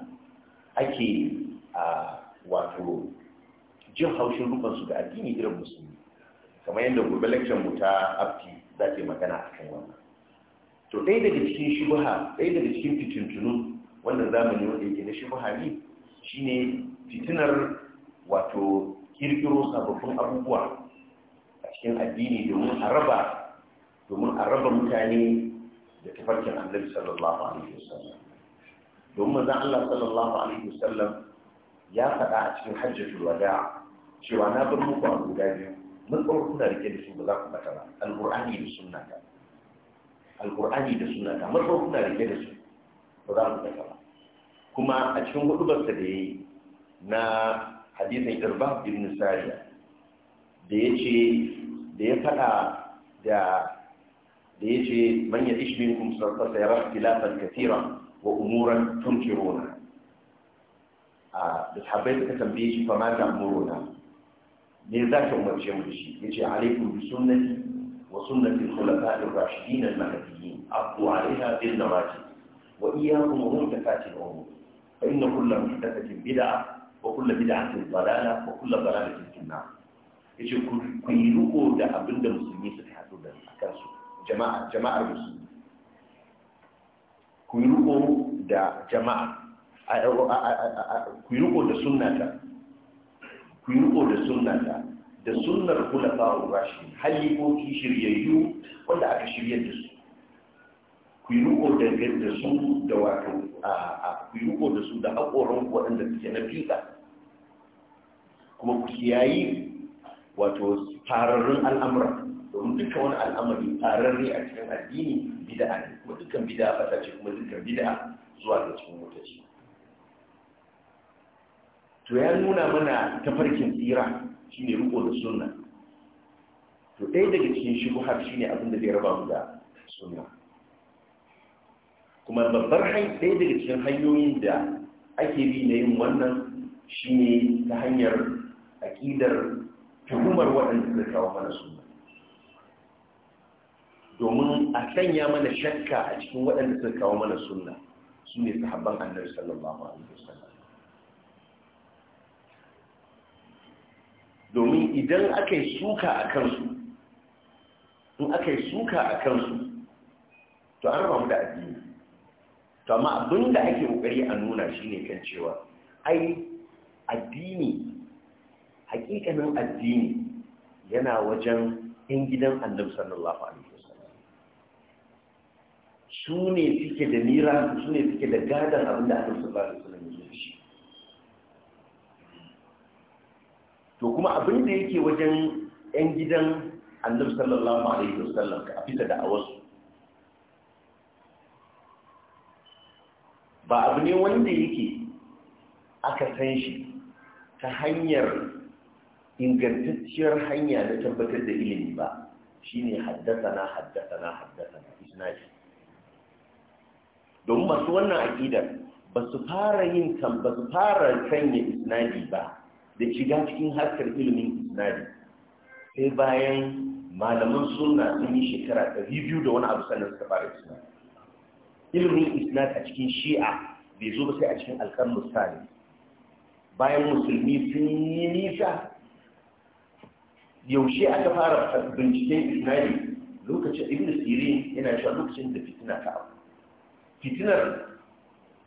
ake a wato jin haushin rufansu da addini irin musulmi kamar yadda gobe lakcan mu ta afti za ta yi magana a kan wannan to ɗaya daga cikin shubuha ɗaya daga cikin fitintunu wannan zamani wanda yake na shubuha ne shine fitinar wato kirkiro sababbin abubuwa cikin addini domin a raba domin a raba mutane da tafarkin annabi sallallahu alaihi wasallam domin manzon Allah sallallahu alaihi wasallam ya faɗa a cikin hajjatul wada cewa na bar muku a guda biyu mun tsawar kuna rike da su ba za ku bata ba alqur'ani da sunnata alqur'ani da sunnata mun tsawar kuna rike da su ba za ku bata ba kuma a cikin hudubarsa da yayi na hadisin irbah ibn sariya da yace da ya faɗa da da ya ce man ya ishi min kuma sarfa sai rar filafan wa umuran tunkirona a da sahabbai suka tambaye shi fama ta murona ne za ka umarce mu da shi ya ce alaikum bi sunnati wa sunnati al-khulafa'i ar-rashidin al-mahdiyyin aqu 'alayha bil nawajib wa iyyakum wa muhdathati al-umur fa inna kulla muhdathatin bida, wa kulla bid'atin dalalah wa kulla dalalatin fi an-nar yace ku yi riko da abin da musulmi suka haɗu da kansu jama'a jama'ar musulmi ku yi riko da jama'a ku yi riko da sunnata ku yi riko da sunnata da sunnar khulafa'ur rashidin halifofi shiryayyu wanda aka shiryar da su ku yi riko da su da wato ku yi riko da su da haƙoran waɗanda suke na fiƙa kuma ku kiyayi wato tararrun al'amura domin duka wani al'amari tararre a cikin addini bida'a ne kuma dukkan bida'a fata ce kuma dukkan bida'a zuwa da cikin mutaci to ya nuna mana tafarkin tsira shine riko da sunna to ɗaya daga cikin har shine abin da zai raba mu da sunna kuma babbar hanyar ɗaya daga cikin hanyoyin da ake bi na yin wannan shine ta hanyar aƙidar tuhumar waɗanda suka kawo mana suna domin a sanya mana shakka a cikin waɗanda suka kawo mana suna su ne sahabban annabi sallallahu alaihi wasallam domin idan aka yi suka a kansu in aka yi suka a kansu to an ramu da addini to amma abin da ake kokari a nuna shine kan cewa ai addini hakikanin addini yana wajen yan gidan annabi sallallahu alaihi wasallam su ne suke da nira su ne suke da gadon abin da annabi sallallahu alaihi wasallam ya shi to kuma abin da yake wajen yan gidan annabi sallallahu alaihi wasallam a fita da awasu ba abu ne wanda yake aka san shi ta hanyar ingantacciyar hanya na tabbatar da ilimi ba shine haddasa na haddasa na haddasa na isnadi don masu wannan aƙidar ba su fara yin ba su fara sanya isnadi ba da shiga cikin harkar ilimin isnadi sai bayan malaman suna sun yi shekara ɗari biyu da wani abu sannan suka fara isnadi ilimin isnad a cikin shi'a bai zo ba sai a cikin alƙar musali bayan musulmi sun yi nisa yaushe aka fara binciken israeli lokacin ibn sirin yana shan lokacin da fitina ta abu fitinar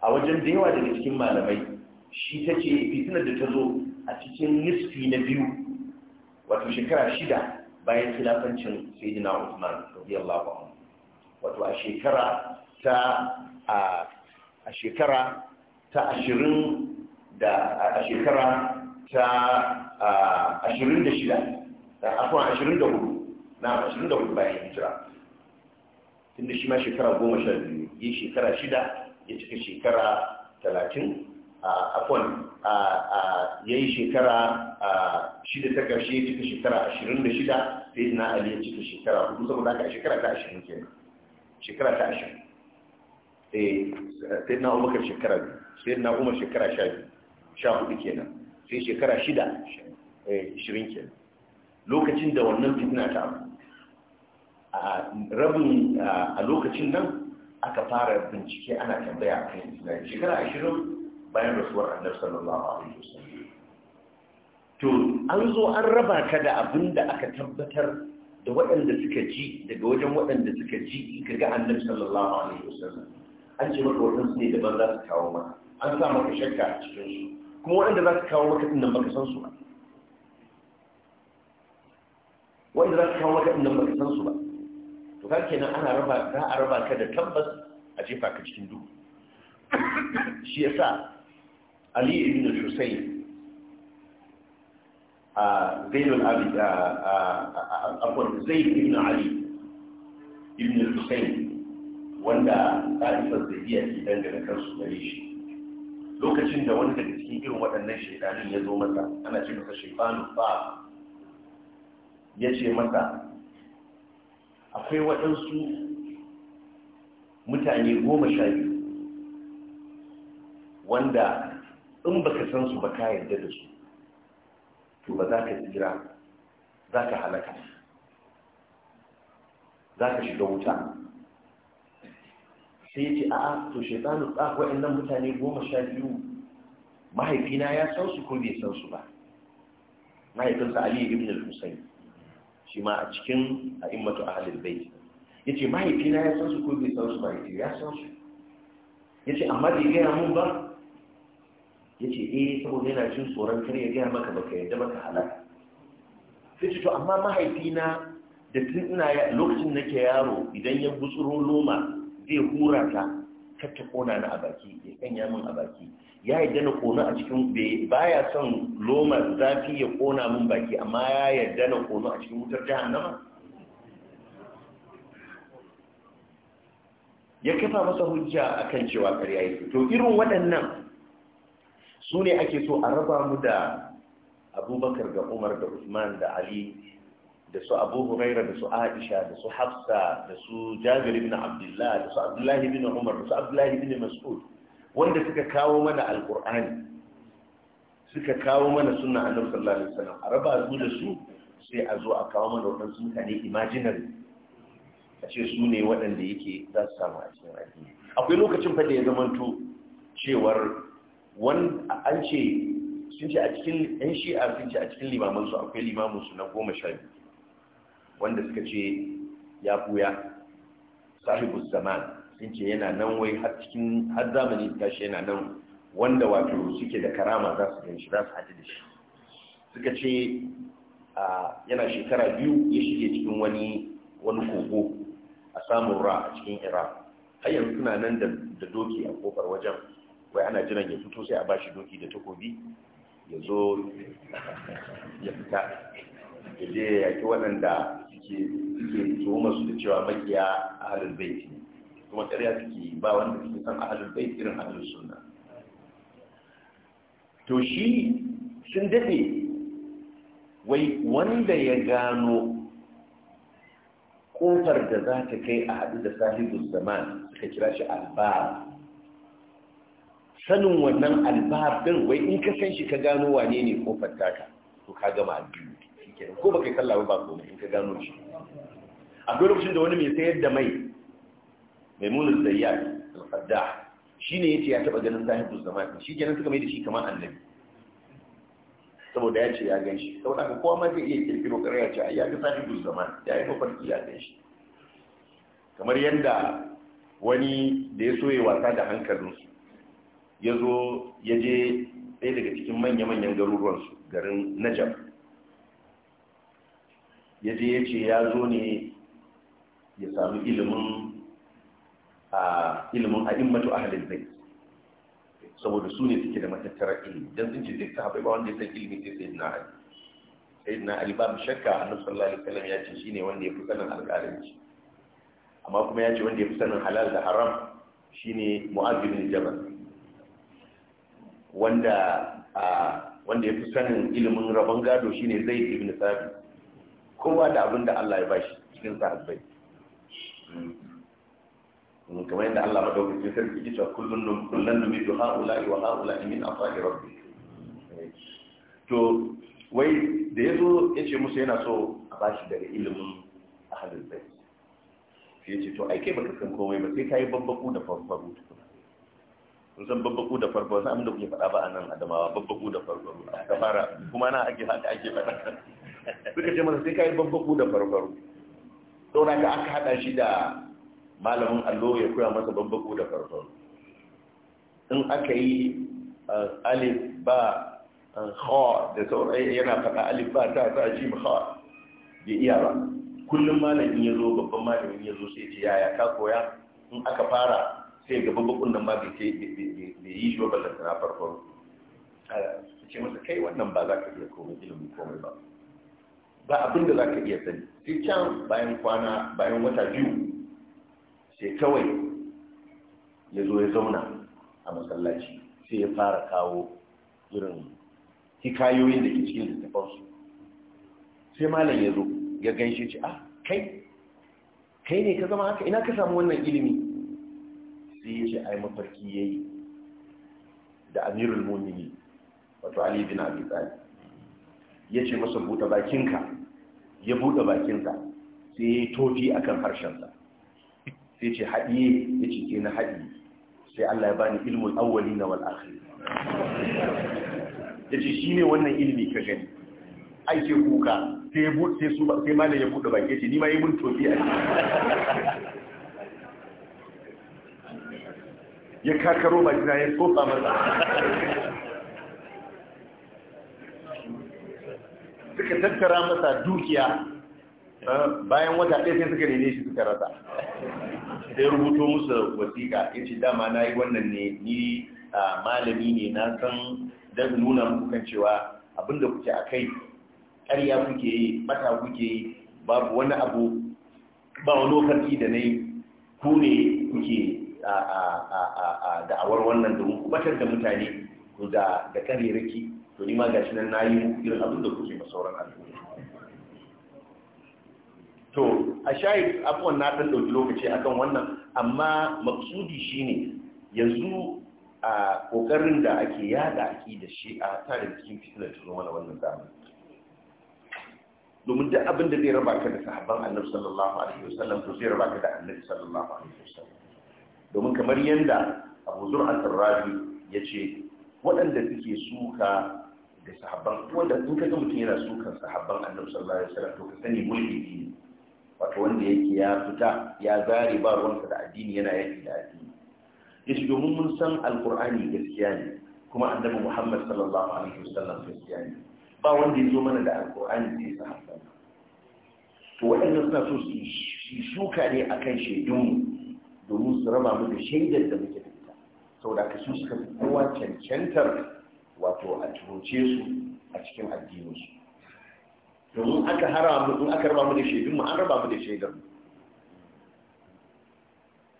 a wajen da yawa daga cikin malamai shi ta ce fitinar da ta zo a cikin nisfi na biyu wato shekara shida bayan tilafancin sayyidina usman radiyallahu anhu wato a shekara ta a shekara ta da a shekara ta ashirin da shida akwai ashirin da hudu na ashirin da hudu bayan hijira tun da shi ma shekara goma sha biyu Yi shekara shida ya cika shekara talatin afon ya yi shekara shida ta ƙarshe ya cika shekara ashirin da shida sai na ali ya cika shekara hudu saboda haka shekara ta ashirin kenan shekara ta ashirin eh, sai na umar shekara biyu sai na umar shekara sha biyu sha hudu kenan sai shekara shida eh, ashirin kenan lokacin da wannan fitna ta a rabin a lokacin nan aka fara bincike ana tambaya a kan islam shekara ashirin bayan rasuwar annar sallallahu alaihi wasallam to an zo an raba ka da abin da aka tabbatar da waɗanda suka ji daga wajen waɗanda suka ji ka ga annar sallallahu alaihi wasallam an ce maka waɗansu ne daban za su kawo maka an sa maka shakka a cikin su kuma waɗanda za su kawo maka ɗin nan baka san su ba wanda za ka kawo waɗannan ba ka san su ba to ka kenan ana raba za a raba ka da tabbas a jefa ka cikin duhu shi yasa ali ibn al-husayn a zainul abid a afwan zai ibn ali ibn al wanda ɗalibin zai iya ke dangane kansu gare shi lokacin da wani daga cikin irin waɗannan shaidanin ya zo masa ana ce masa shaifanu ba ya ce masa akwai waɗansu mutane goma sha biyu wanda in baka san su ba ka yarda da su to ba za ka tsira za ka halaka za ka shiga wuta sai ce a'a to shaitanu tsakwai innan mutane goma sha biyu mahaifina ya san su ko bai san su ba mahaifinsa aliyu ibn al-husayn shi ma a cikin a'immatu ahlul bait yace bai. ya san su ko bai san su ba yace ya san su yace amma bai gaya mun ba yace eh saboda yana jin tsoron kar ya gaya maka baka yadda maka halaka sai to amma mahaifina da tun ina lokacin nake yaro idan ya gutsuro loma zai hura ta kacce kona na a baki ya kanya min a baki ya yadda na kona a cikin baya son loma zafi ya kona min baki amma ya yarda na kona a cikin wutar jahannama ya kafa masa hujja a kan cewa karya yi to irin waɗannan su ne ake so a raba mu da abubakar ga umar da usman da ali da su abu huraira da su aisha da su hafsa da su jabir ibn abdullah da su abdullahi ibn umar da su abdullahi ibn mas'ud wanda suka kawo mana alqur'ani suka kawo mana sunna annabi sallallahu alaihi wasallam a raba su da su sai a zo a kawo mana wadansu mutane imaginary a ce su ne waɗanda yake za su samu a cikin addini akwai lokacin fa da ya zamanto cewar an ce sun ce a cikin yan shi'a sun ce a cikin limamansu akwai limamansu na goma sha biyu wanda suka ce ya buya sahibu zaman sun ce yana nan wai har cikin har zamani ta shi yana nan wanda wato suke da karama za su ganshi za su haɗu da shi suka ce a yana shekara biyu ya shige cikin wani wani kogo a samun ra a cikin iraq har yanzu suna nan da doki a kofar wajen wai ana jiran ya fito sai a bashi doki da takobi ya zo ya fita ya je ya yaki waɗanda suke suke tuhuma su da cewa makiya halin bai ne kuma ƙarya suke ba wanda suke san halin bai irin halin suna. to shi sun dafe, wai wanda ya gano ƙofar da za ta kai a haɗu da sahibul zaman suka kira shi albar. sanin wannan albar ɗin wai in ka san shi ka gano wane ne ƙofar taka to ka gama biyu kenan ko baka yi sallah ba ko komai in ka gano shi dole kushin da wani mai sayar da mai mai munin zayyar al-qaddah shine yace ya taba ganin sahibu zaman shi kenan suka mai da shi kamar annabi saboda ya ce ya gan shi saboda haka kowa ma zai iya kirkiro ya ce ya ga sahibu zaman ya yi mafarki ya gan shi kamar yadda wani da ya soye wasa da hankalinsu ya zo ya je ɗaya daga cikin manya-manyan garuruwansu garin najab ya je ya ce ya zo ne ya samu ilimin a ilimin a immatu halin zai saboda su ne suke da matattarar ilimi don sun ce duk sahabai ba wanda ya san ilimi sai sai na ali sai na ali mu shakka a nufin alaihi kalam ya ce shine wanda ya fi sanin alƙalanci amma kuma ya ce wanda ya fi sanin halal da haram shine ne bin jabal wanda wanda ya fi sanin ilimin rabon gado shine zai ibn thabit kowa da abin da Allah ya bashi cikin sahabbai hmm. kamar yadda Allah madaukakin sarki ya ce kullun kullun numidu haula wa haula min afali rabbi to wai da yazo yace musu yana so a bashi daga ilimin ahlul bayt sai yace to ai kai baka san komai ba sai kai babbaku da farfaru kun san babbaku da farfaru sai abin da kuke faɗa ba anan adamawa babbaku da farfaru ka fara kuma na ake haka ake faɗa suka ce masa sai ka yi babbaku da farfaru sauna ka aka haɗa shi da malamin allo ya koya masa babbaku da farfaru in aka yi eh, alif ba eh, ha da saurayi yana faɗa alif ba ta ta ji ha da iya ba kullum malamin ya zo babban malamin ya zo sai ce yaya ka koya in aka fara sai ga babbakun nan ma bai yi shi ba ballantana farfaru eh, ce masa kai wannan ba za ka iya komai ilimin komai ba ba abin da za ka iya sani sai can bayan kwana bayan wata biyu sai kawai ya zo ya zauna a masallaci sai ya fara kawo irin hikayoyin da ke cikin littafansu sai malam ya zo ya gaishe ce, ah kai kai ne ka zama haka ina ka samu wannan ilimi sai ya ce ai mafarki ya yi da amirul mumini wato ali bin abi ya ce masa buɗe bakinka ya buɗe bakinsa sai ya yi tofi a kan harshensa sai ce haɗiye ya ce ke na haɗi sai Allah ya bani ilmul awwali na wal'akhir ya ce shi ne wannan ilmi ka gani ai ce kuka sai malam ya buɗe baki ya ce ni ma yi mun tofi a ya kakaro bakina ya sofa masa suka tattara masa dukiya eh, bayan wata ɗaya sai suka nene shi suka rasa sai rubuto musu wasiƙa ya ce dama na yi wannan ne ni malami ne na san don nuna muku kan cewa abinda kuke a kai ƙarya kuke yi mata kuke yi babu wani abu ba wani lokaci da na yi ku ne kuke da'awar wannan domin da mutane da ƙarerake to ni ma gashi nan nayi irin abin da kuke ma sauran al'umma to a shayi abuwan na ɗan ɗauki lokaci akan wannan amma maksudi shine yanzu a ƙoƙarin da ake yada ake da shi a tare cikin fitilar ta zo mana wannan zamani domin duk abin da zai raba ka da sahabban annabi sallallahu alaihi wasallam to zai raba da annabi sallallahu alaihi wasallam domin kamar yanda Abu Zur'a ya yace waɗanda suke suka da sahabban wanda in ka ga mutum yana sukan sahabban annabi sallallahu alaihi wasallam to ka sani mulki ne wato wanda yake ya fita ya zare ba ruwansa da addini yana yaki da addini yace domin mun san alqur'ani gaskiya ne kuma annabi muhammad sallallahu alaihi wasallam gaskiya ne ba wanda ya zo mana da alqur'ani sai sahabban to waɗannan suna so su shuka ne a kan shaidunmu domin su raba mu da shaidar da muke da ita saboda ka su suka fi kowa cancantar wato a turuce su a cikin addininsu domin aka harama in aka raba mu da shaidun mu an raba mu da shaidar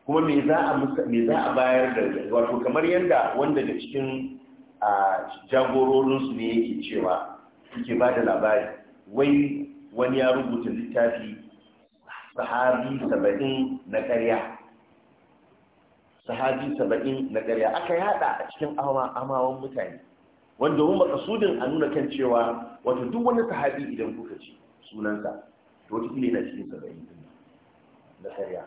kuma me za a me za a bayar da wato kamar yanda wanda da cikin a jagororin su ne yake cewa yake ba da labari wai wani ya rubuta littafi sahabi saba'in na ƙarya sahabi saba'in na ƙarya aka yada a cikin amawan mutane wanda mun makasudin a nuna kan cewa wato duk wani sahabi idan kuka ci sunansa to wata ne yana cikin saba'in din na karya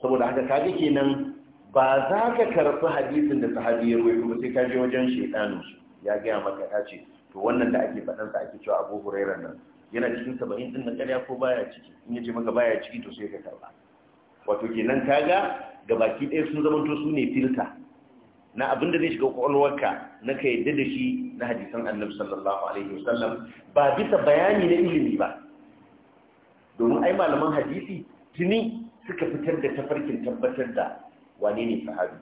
saboda haka kaga kenan ba za ka karɓi hadisin da sahabi ya rubuta ba sai ka je wajen shaidanin ya gaya maka ta ce to wannan da ake faɗan sa ake cewa abu Hurairah nan yana cikin saba'in din na karya ko baya ciki in ya ce maka baya ciki to sai ka karɓa wato kenan kaga ga baki ɗaya sun zamanto su ne filta na abin da zai shiga kwakwalwarka na ka yadda da shi na hadisan annabi sallallahu alaihi wasallam ba bisa bayani na ilimi ba domin ai malaman hadisi tuni suka fitar da tafarkin tabbatar da wane ne sahabi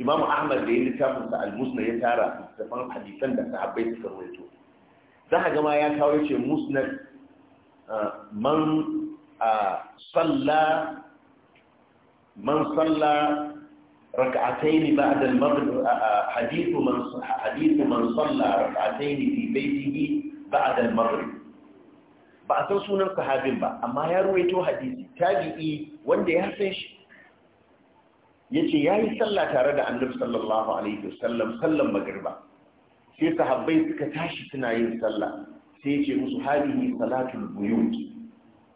Imam ahmad da ya littafin sa al Musna ya tara tafan hadisan da sahabbai suka rawaito za ka gama ya kawo yace musnad man man sallah. ركعتين بعد المغرب حديث من حديث من صلى ركعتين في بيته بعد المغرب ba a san sunan sahabin ba amma ya ruwaito hadisi tabi'i wanda ya san shi yace yayi sallah tare da Annabi sallallahu alaihi wasallam sallan magriba sai sahabbai suka tashi suna yin sallah sai yace musu hadihi salatul buyut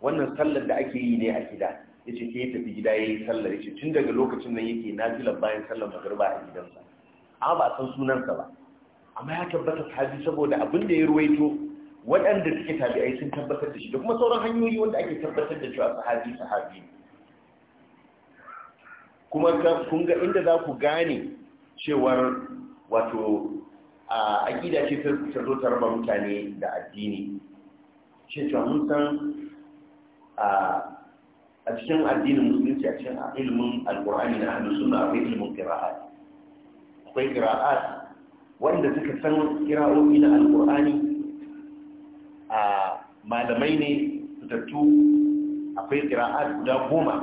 wannan sallar da ake yi ne a gida Yace ce ke tafi gida yayi sallar Yace tun daga lokacin nan yake nafila bayan sallar magariba a gidansa amma ba a san sunansa ba amma ya tabbata sahabi saboda abin da ya ruwaito waɗanda suke tabi'ai sun tabbatar da shi da kuma sauran hanyoyi wanda ake tabbatar da cewa sahabi sahabi kuma kun ga inda za ku gane cewar wato a aƙida ce ta zo ta raba mutane da addini ce cewa mun san a cikin addinin musulunci a cikin ilimin alkur'ani na ahlus sunna akwai ilimin qira'at akwai qira'at wanda suka san qira'o'i na alkur'ani a malamai ne fitattu akwai qira'at guda goma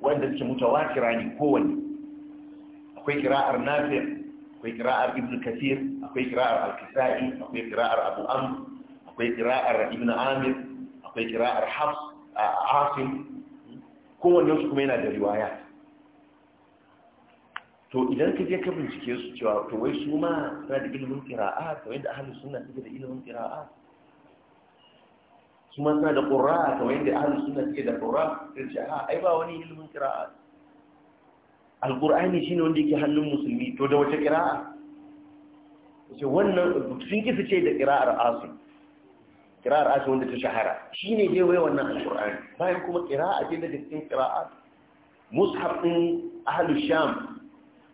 wanda suke mutawatira ne kowanne akwai qira'ar nafi akwai qira'ar ibn kathir akwai qira'ar al-kisai akwai qira'ar abu amr akwai qira'ar ibn amir akwai qira'ar hafs asim kowannen su kuma yana da riwaya to idan ka je ka bincike su cewa to wai su ma suna da ilimin qira'a kamar yadda ahlus suna suke da ilimin kira'a su ma suna da qurra kamar yadda ahlus suna suke da qurra sai ce a ai ba wani ilimin qira'a shi shine wanda yake hannun musulmi to da wace kira'a wannan sun kisa ce da kira'ar asim kira'a ce wanda ta shahara shine dai wai wannan alqur'ani bayan kuma kira'a ce daga cikin kira'a mushaf din ahlus sham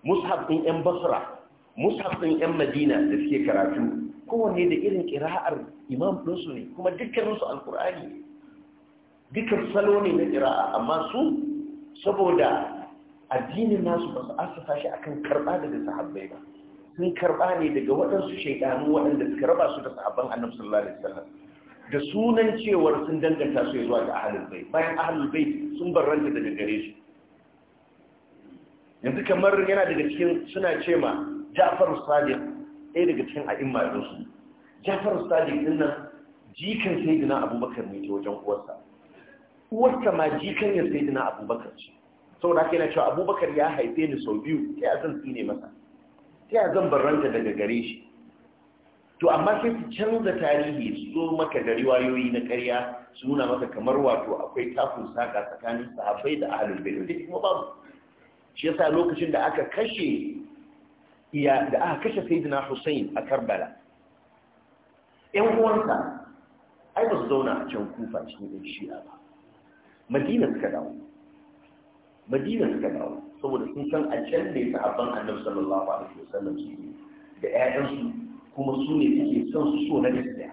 mushaf ɗin yan basra mushaf ɗin yan madina da suke karatu kowanne da irin kira'ar imam ɗinsu ne kuma dukkaninsu alkur'ani dukkan salo ne na kira'a amma su saboda addinin nasu ba su asasa shi akan karɓa daga sahabbai ba sun karɓa ne daga waɗansu shaidanu waɗanda suka raba su da sahabban annabi sallallahu alaihi wasallam da sunan cewar sun danganta su zuwa ga ahalul bai bayan ahalul bai sun barranta daga gare shi yanzu kamar yana daga cikin suna ce ma jafar sadiq ɗaya daga cikin a'imma ɗin su jafar sadiq jikan nan jikan sayyidina abubakar ne ta wajen uwarsa uwarsa ma jikan ya sai sayyidina abubakar ce saboda haka yana cewa abubakar ya haife ni sau biyu ta ya zan tsine masa ta a zan barranta daga gare shi to amma sai su canza tarihi su zo maka da riwayoyi na ƙarya su nuna maka kamar wato akwai takun saka tsakanin sahabbai da ahlul bayt dai kuma babu shi yasa lokacin da aka kashe iya da aka kashe sayyidina Hussein a Karbala ƴan uwansa ai ba su zauna a can Kufa cikin ɗan Shi'a ba Madina suka dawo Madina suka dawo saboda sun san a can ne sahabban Annabi sallallahu alaihi wasallam su da ƴaƴansu kuma su ne suke son su so na gaskiya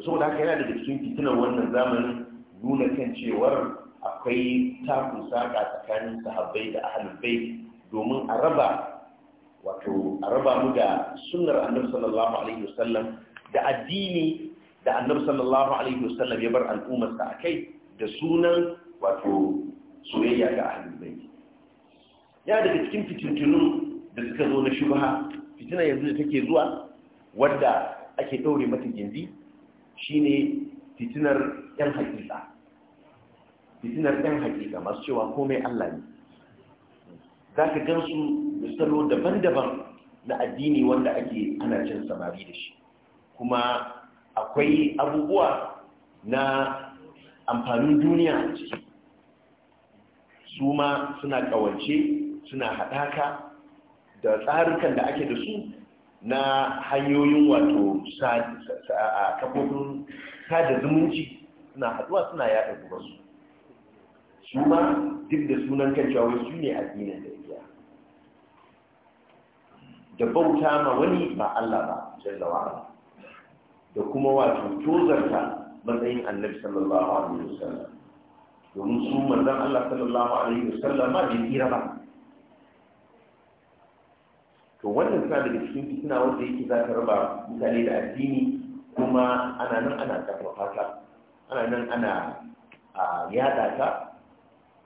saboda haka yana daga cikin fitinar wannan zamanin nuna kan cewar akwai takun saƙa tsakanin sahabbai da ahalul bait domin a raba wato a raba mu da sunnar annabi sallallahu alaihi wasallam da addini da annabi sallallahu alaihi wasallam ya bar al'ummar sa kai da sunan wato soyayya ga ahalul bait ya daga cikin fitintunun da suka zo na shubha fitina yanzu da take zuwa wadda ake ɗaure mata gindi shine fitinar yan hakika fitinar yan hakika masu cewa komai Allah ne za ka gan su da salo daban-daban na addini wanda ake ana cin samari da shi kuma akwai abubuwa na amfanin duniya a ciki su ma suna ƙawance suna haɗaka da tsarukan da ake da su na hanyoyin wato a kafofin sada zumunci suna haduwa suna yada gubansu su ma duk da sunan kan cewa su ne addinin da iya da bauta ma wani ba Allah ba jallawa da kuma wato tozarta matsayin annabi sallallahu alaihi wasallam domin su manzon Allah sallallahu alaihi wasallam ma bai tsira ba to wannan suna da cikin fitina wanda yake za ta raba mutane da addini kuma ana nan ana karfafa ta ana nan ana yada ta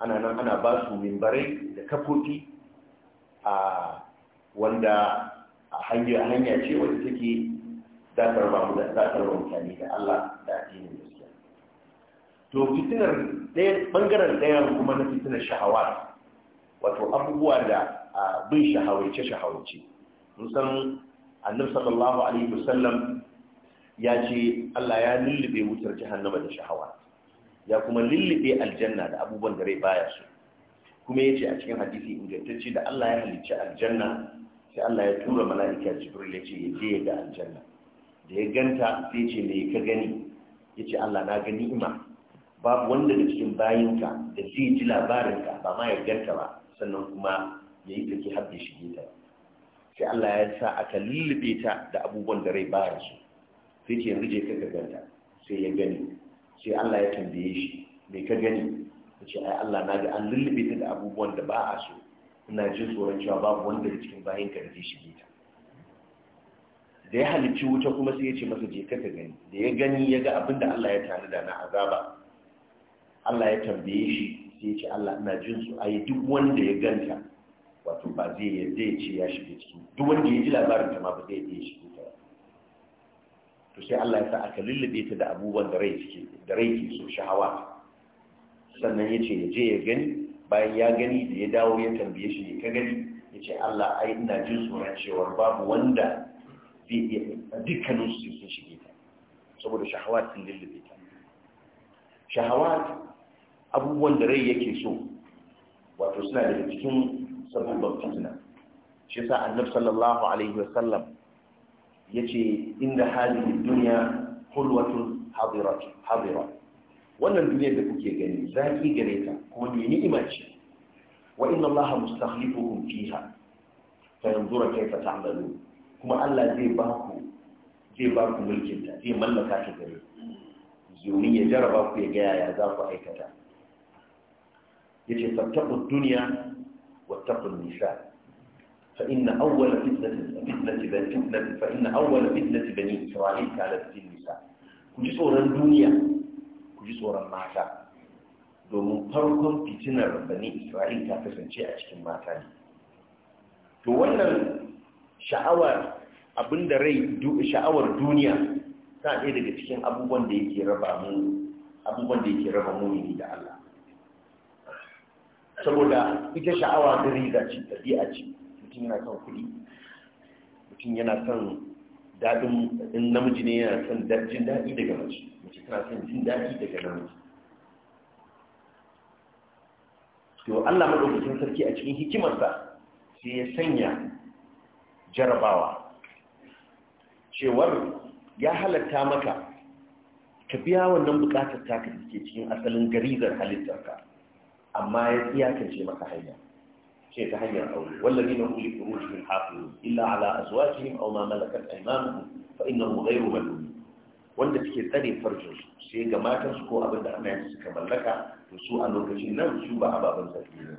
ana nan ana ba su mimbarai da kafofi a wanda a hanya ce wanda take za ta raba mutane da Allah da addinin gaskiya to fitinar ɗaya ɓangaren ɗayan kuma na fitinar sha'awa, wato abubuwa da bin shahawarce shahawarce musan san sallallahu alaihi wasallam ya ce Allah ya lullube wutar jahannama da shahawa ya kuma lullube aljanna da abubuwan da rai baya so kuma ya ce a cikin hadisi ingantacce da Allah ya halicci aljanna sai Allah ya tura mala'ika jibril ya ce ya je ya ga aljanna da ya ganta sai ce me ka gani ya ce Allah na gani ima babu wanda da cikin bayinka da zai ji labarinka ba ma ya ganta ba sannan kuma ya yi take har da shige ta sai Allah ya sa aka lullube ta da abubuwan da rai baya su sai ke yanzu ka ka sai ya gani sai Allah ya tambaye shi me ka gani ya ce ai Allah na ga an lullube ta da abubuwan da ba a so ina jin tsoron cewa babu wanda da cikin bayan ka zai shige ta da ya halicci wuta kuma sai ya ce masa je ka gani da ya gani ya ga abin da Allah ya tare da na azaba Allah ya tambaye shi sai ya ce Allah ina jin su ai duk wanda ya ganta wato ba zai yi zai ce ya shiga ciki duk wanda ya ji labarin ta ma ba zai yadda ya ta to sai Allah ya sa aka lullube ta da abubuwan da rai ke da rai ke so shahawa sannan ya ce ya je ya gani bayan ya gani da ya dawo ya tambaye shi ka gani ya ce Allah ai ina jin tsoron cewa babu wanda zai iya dukkanin su sun shige ta saboda shahawa sun lullube ta Shahawa abubuwan da rai yake so wato suna daga cikin saboda fitina shi yasa annabi sallallahu alaihi wasallam yace inda hadhihi duniya hulwatun hadirat hadira wannan duniyar da kuke gani zaki gare ta kuma ne ni'ima ce wa inna allaha mustakhlifukum fiha fa yanzura kayfa ta'malun kuma Allah zai ba ku zai ba ku mulkin ta zai mallaka ta gare domin ya jaraba ku ya ga yaya za ku aikata yace fattaqu dunya واتقوا النساء فإن أول فتنة فتنة فتنة فإن أول فتنة بني إسرائيل كانت في النساء كجي صورا دنيا كجي صورا ماتا domin farkon fitinar bani Isra'il ta kasance a cikin mata ne. To wannan sha'awar abinda rai sha'awar duniya ta ɗaya daga cikin abubuwan da yake raba mu abubuwan da yake raba da Allah saboda ita sha'awa da riga ce ɗabi'a ce mutum yana kan kuɗi mutum yana son daɗin in namiji ne yana son jin daɗi daga mace mace tana son jin daɗi daga namiji to Allah madaukakin sarki a cikin hikimarsa sai ya sanya jarabawa cewar ya halatta maka ka biya wannan bukatar ta ka ke cikin asalin garizar halittarka amma ya iyakance maka hanya ce ta hanyar aure wallazi na kuli furujihim hafizu illa ala azwajihim aw ma malakat aymanuhum fa innahu ghayru malum wanda suke tsare farjin su sai ga matan su ko abin da Allah ya suka mallaka to su a lokacin nan su ba ababan sarki ne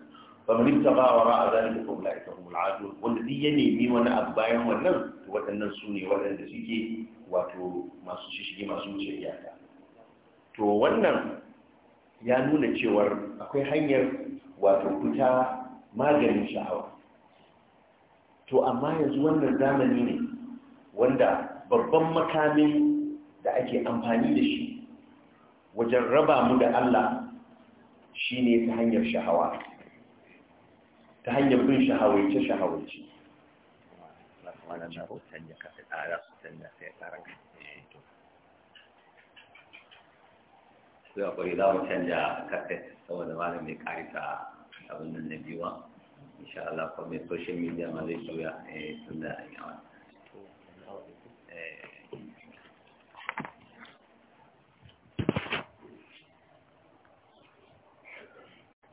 fa man ittaba wa ra'a zalika fa ulaika humul adun wanda duk ya nemi wani abu bayan wannan to waɗannan su ne waɗanda suke wato masu shishige masu wuce iyaka to wannan ya nuna cewar akwai hanyar wato fita maganin sha'awa to amma yanzu wannan zamani ne wanda babban makamin da ake amfani da shi wajen raba mu da Allah shi ne ta hanyar sha'awa ta hanyar bin sai shaawaice sai kwari za mu canja kaset saboda da mai karita abin nan na biyuwa insha Allah kuma social media ma zai juya eh tun da an